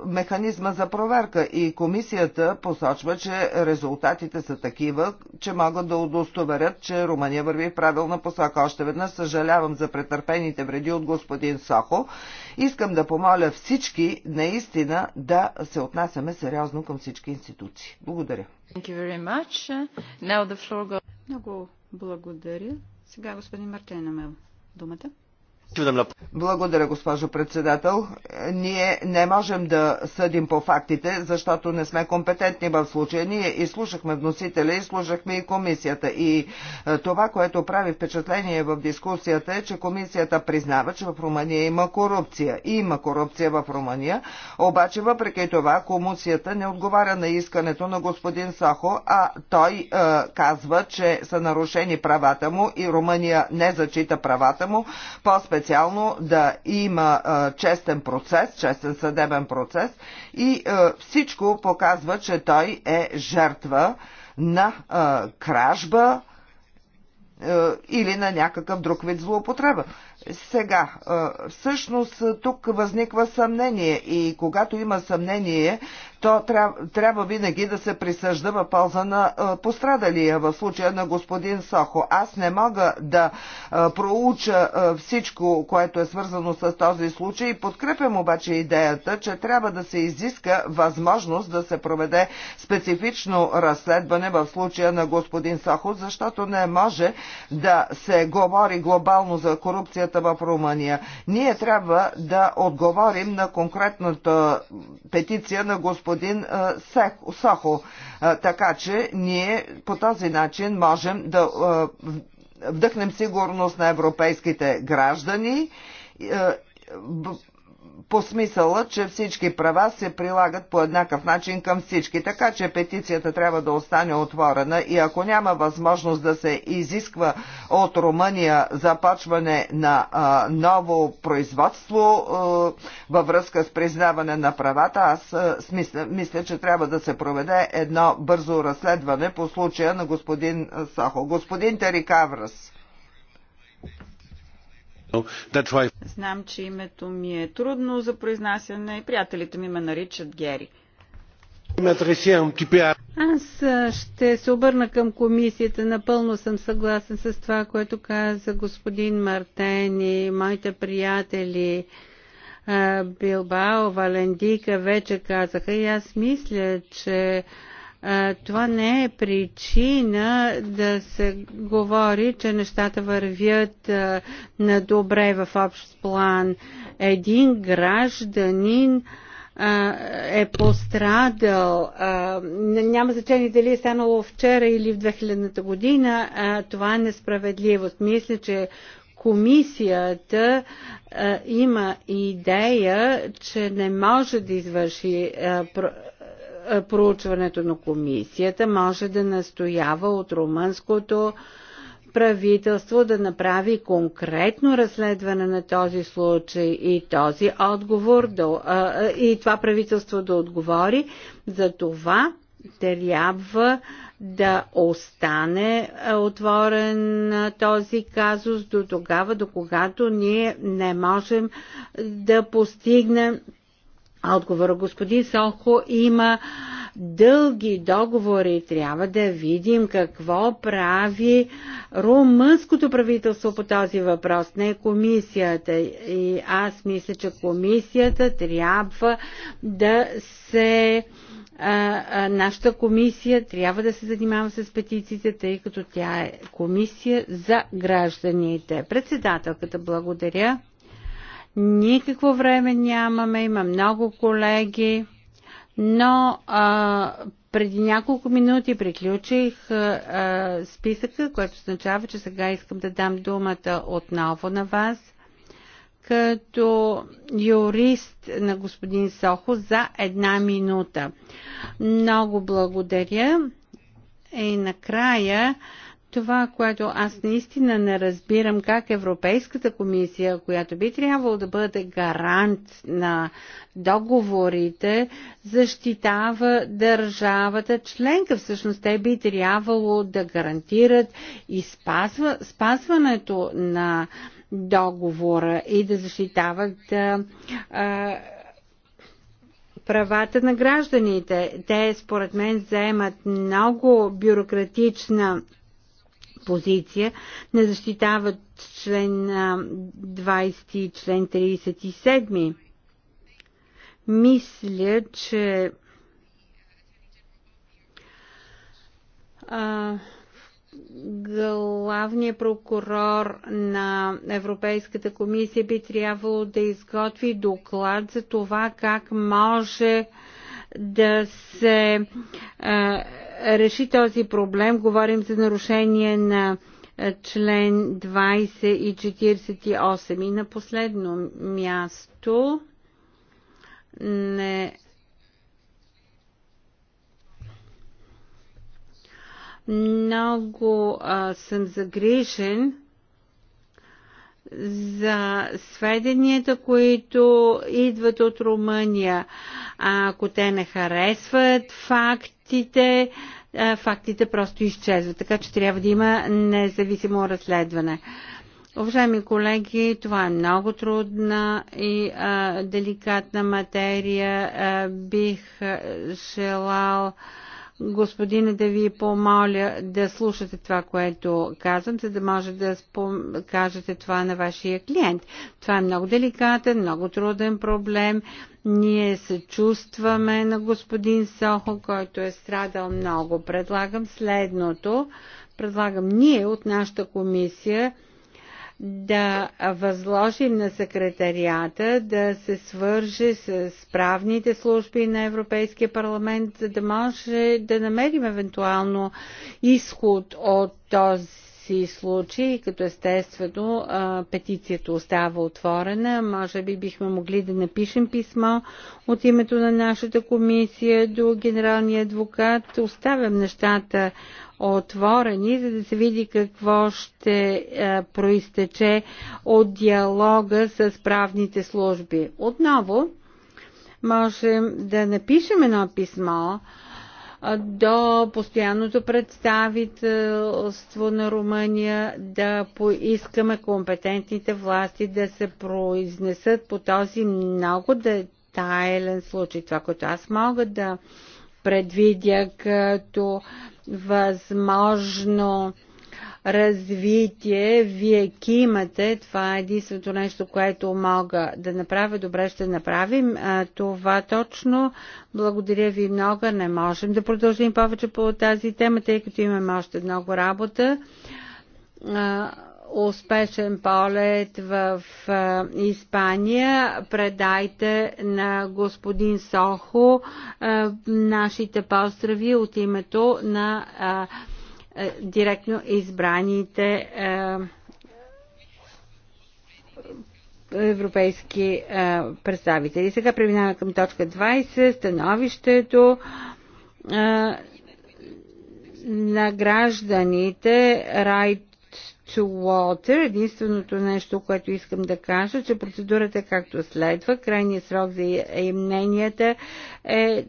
механизма за проверка и комисията посочва, че резултатите са такива, че могат да удостоверят, че Румъния върви в правилна посока. Още веднъж съжалявам за претърпените вреди от господин Сохо. Искам да помоля всички наистина да се отнасяме сериозно към всички институции. Благодаря. Много благодаря. Сега господин Мартин намел думата. Благодаря, госпожо председател. Ние не можем да съдим по фактите, защото не сме компетентни в случая. Ние изслушахме вносителя, изслушахме и комисията. И е, това, което прави впечатление в дискусията е, че комисията признава, че в Румъния има корупция. И има корупция в Румъния, обаче въпреки това комисията не отговаря на искането на господин Сахо, а той е, казва, че са нарушени правата му и Румъния не зачита правата му. По специално да има честен процес, честен съдебен процес и всичко показва, че той е жертва на кражба или на някакъв друг вид злоупотреба. Сега, всъщност тук възниква съмнение и когато има съмнение, то трябва, трябва винаги да се присъжда в полза на пострадалия, в случая на господин Сохо. Аз не мога да проуча всичко, което е свързано с този случай. Подкрепям обаче идеята, че трябва да се изиска възможност да се проведе специфично разследване в случая на господин Сохо, защото не може да се говори глобално за корупцията ситуацията в Румъния. Ние трябва да отговорим на конкретната петиция на господин Сахо. така че ние по този начин можем да вдъхнем сигурност на европейските граждани по смисъла, че всички права се прилагат по еднакъв начин към всички, така че петицията трябва да остане отворена и ако няма възможност да се изисква от Румъния започване на а, ново производство а, във връзка с признаване на правата, аз а, смисля, мисля, че трябва да се проведе едно бързо разследване по случая на господин Сахо. Господин Терикаврас. Знам, че името ми е трудно за произнасяне и приятелите ми ме наричат Гери. Аз ще се обърна към комисията. Напълно съм съгласен с това, което каза господин Мартен и моите приятели. Билбао, Валендика вече казаха и аз мисля, че това не е причина да се говори, че нещата вървят на добре в общ план. Един гражданин е пострадал, няма значение дали е станало вчера или в 2000-та година, това е несправедливост. Мисля, че комисията има идея, че не може да извърши е, проучването на комисията може да настоява от румънското правителство да направи конкретно разследване на този случай и този отговор да, е, е, и това правителство да отговори за това трябва да остане отворен този казус до тогава, до когато ние не можем да постигнем отговора. Господин Сохо, има дълги договори. Трябва да видим какво прави румънското правителство по този въпрос, не комисията. И аз мисля, че комисията трябва да се нашата комисия трябва да се занимава с петициите, тъй като тя е комисия за гражданите. Председателката, благодаря. Никакво време нямаме, има много колеги, но а, преди няколко минути приключих а, списъка, което означава, че сега искам да дам думата отново на вас като юрист на господин Сохо за една минута. Много благодаря. И накрая това, което аз наистина не разбирам как Европейската комисия, която би трябвало да бъде гарант на договорите, защитава държавата членка. Всъщност те би трябвало да гарантират и спазва, спазването на договора и да защитават а, а, правата на гражданите. Те, според мен, вземат много бюрократична позиция не защитават член 20 и член 37. Мисля, че а, главният прокурор на Европейската комисия би трябвало да изготви доклад за това как може а, да се а, реши този проблем. Говорим за нарушение на член 20 и 48. И на последно място не много а, съм загрижен за сведенията, които идват от Румъния. А ако те не харесват фактите, фактите просто изчезват. Така че трябва да има независимо разследване. Уважаеми колеги, това е много трудна и а, деликатна материя. А, бих желал а, господине, да ви помоля да слушате това, което казвам, за да може да кажете това на вашия клиент. Това е много деликатен, много труден проблем. Ние се чувстваме на господин Сохо, който е страдал много. Предлагам следното. Предлагам ние от нашата комисия да възложим на секретарията да се свърже с правните служби на Европейския парламент, за да може да намерим евентуално изход от този си случай, като естествено петицията остава отворена, може би бихме могли да напишем писмо от името на нашата комисия до генералния адвокат. Оставям нещата отворени, за да се види какво ще проистече от диалога с правните служби. Отново можем да напишем едно писмо, до постоянното представителство на Румъния да поискаме компетентните власти да се произнесат по този много детайлен случай. Това, което аз мога да предвидя като възможно развитие. Вие кимате. Това е единственото нещо, което мога да направя. Добре, ще направим това точно. Благодаря ви много. Не можем да продължим повече по тази тема, тъй като имаме още много работа успешен полет в Испания. Предайте на господин Сохо нашите поздрави от името на е, директно избраните е, европейски е, представители. Сега преминаваме към точка 20, становището на гражданите Right to Water. Единственото нещо, което искам да кажа, че процедурата е както следва. Крайният срок за мненията е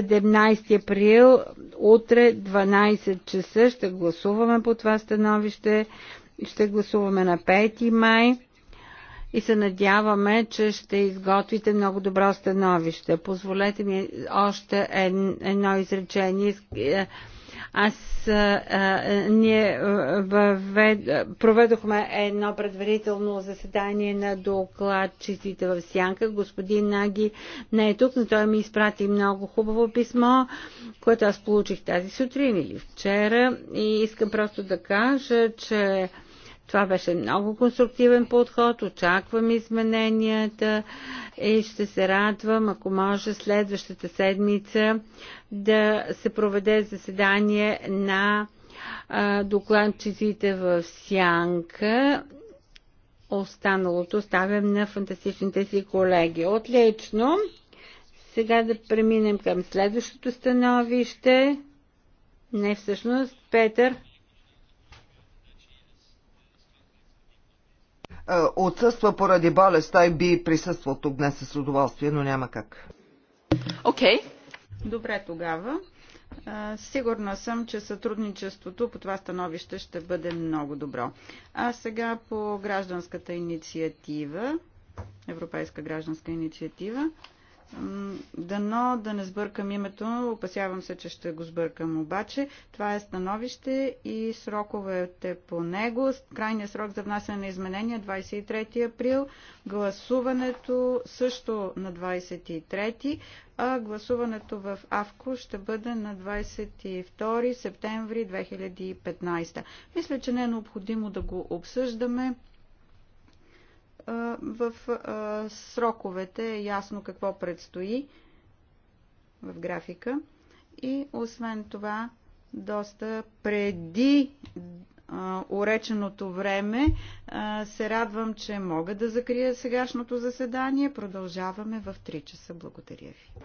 17 април, утре 12 часа ще гласуваме по това становище. Ще гласуваме на 5 май и се надяваме, че ще изготвите много добро становище. Позволете ми още едно изречение. Е, аз а, а, ние въвед, проведохме едно предварително заседание на докладчиците в Сянка. Господин Наги не е тук, но той ми изпрати много хубаво писмо, което аз получих тази сутрин или вчера. И искам просто да кажа, че това беше много конструктивен подход. Очаквам измененията и ще се радвам, ако може следващата седмица да се проведе заседание на докладчиците в Сянка. Останалото оставям на фантастичните си колеги. Отлично! Сега да преминем към следващото становище. Не всъщност, Петър. Е, отсъства поради болест. Той би присъствал тук днес с удоволствие, но няма как. Окей. Okay. Добре тогава. Е, сигурна съм, че сътрудничеството по това становище ще бъде много добро. А сега по гражданската инициатива, Европейска гражданска инициатива. Дано да не сбъркам името, опасявам се, че ще го сбъркам обаче. Това е становище и сроковете по него. Крайният срок за внасяне на изменения 23 е април. Гласуването също на 23, а гласуването в АВКО ще бъде на 22 септември 2015. Мисля, че не е необходимо да го обсъждаме в сроковете е ясно какво предстои в графика. И освен това, доста преди уреченото време. Се радвам, че мога да закрия сегашното заседание. Продължаваме в 3 часа. Благодаря ви.